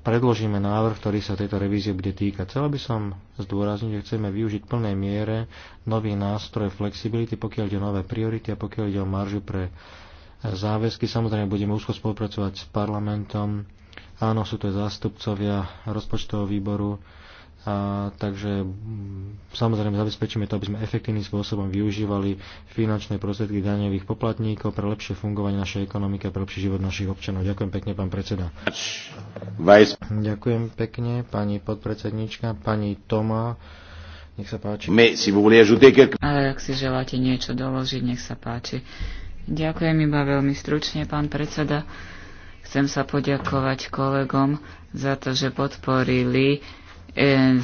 Speaker 1: predložíme návrh, ktorý sa tejto revízie bude týkať. Chcel by som zdôrazniť, že chceme využiť v plnej miere nový nástroj flexibility, pokiaľ ide o nové priority a pokiaľ ide o maržu pre záväzky. Samozrejme, budeme úzko spolupracovať s parlamentom. Áno, sú to zástupcovia rozpočtového výboru, a, takže mm, samozrejme zabezpečíme to, aby sme efektívnym spôsobom využívali finančné prostriedky daňových poplatníkov pre lepšie fungovanie našej ekonomiky a pre lepší život našich občanov. Ďakujem pekne, pán predseda. Vice. Ďakujem pekne, pani podpredsednička, pani
Speaker 2: Toma. Nech sa páči. Ale ak si želáte niečo doložiť, nech sa páči. Ďakujem iba veľmi stručne, pán predseda. Chcem sa poďakovať kolegom za to, že podporili E,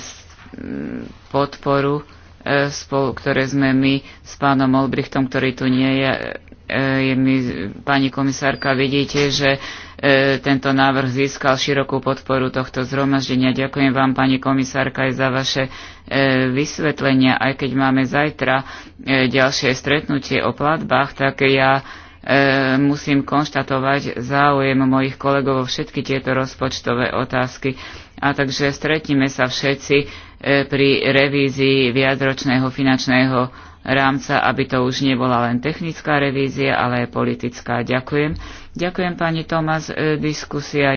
Speaker 2: podporu, e, spolu, ktoré sme my s pánom Olbrichtom, ktorý tu nie je, e, je my, pani komisárka, vidíte, že tento návrh získal širokú podporu tohto zhromaždenia. Ďakujem vám, pani komisárka, aj za vaše vysvetlenia. Aj keď máme zajtra ďalšie stretnutie o platbách, tak ja E, musím konštatovať záujem mojich kolegov o všetky tieto rozpočtové otázky. A takže stretíme sa všetci e, pri revízii viacročného finančného rámca, aby to už nebola len technická revízia, ale aj politická. Ďakujem. Ďakujem pani Tomas, e, diskusia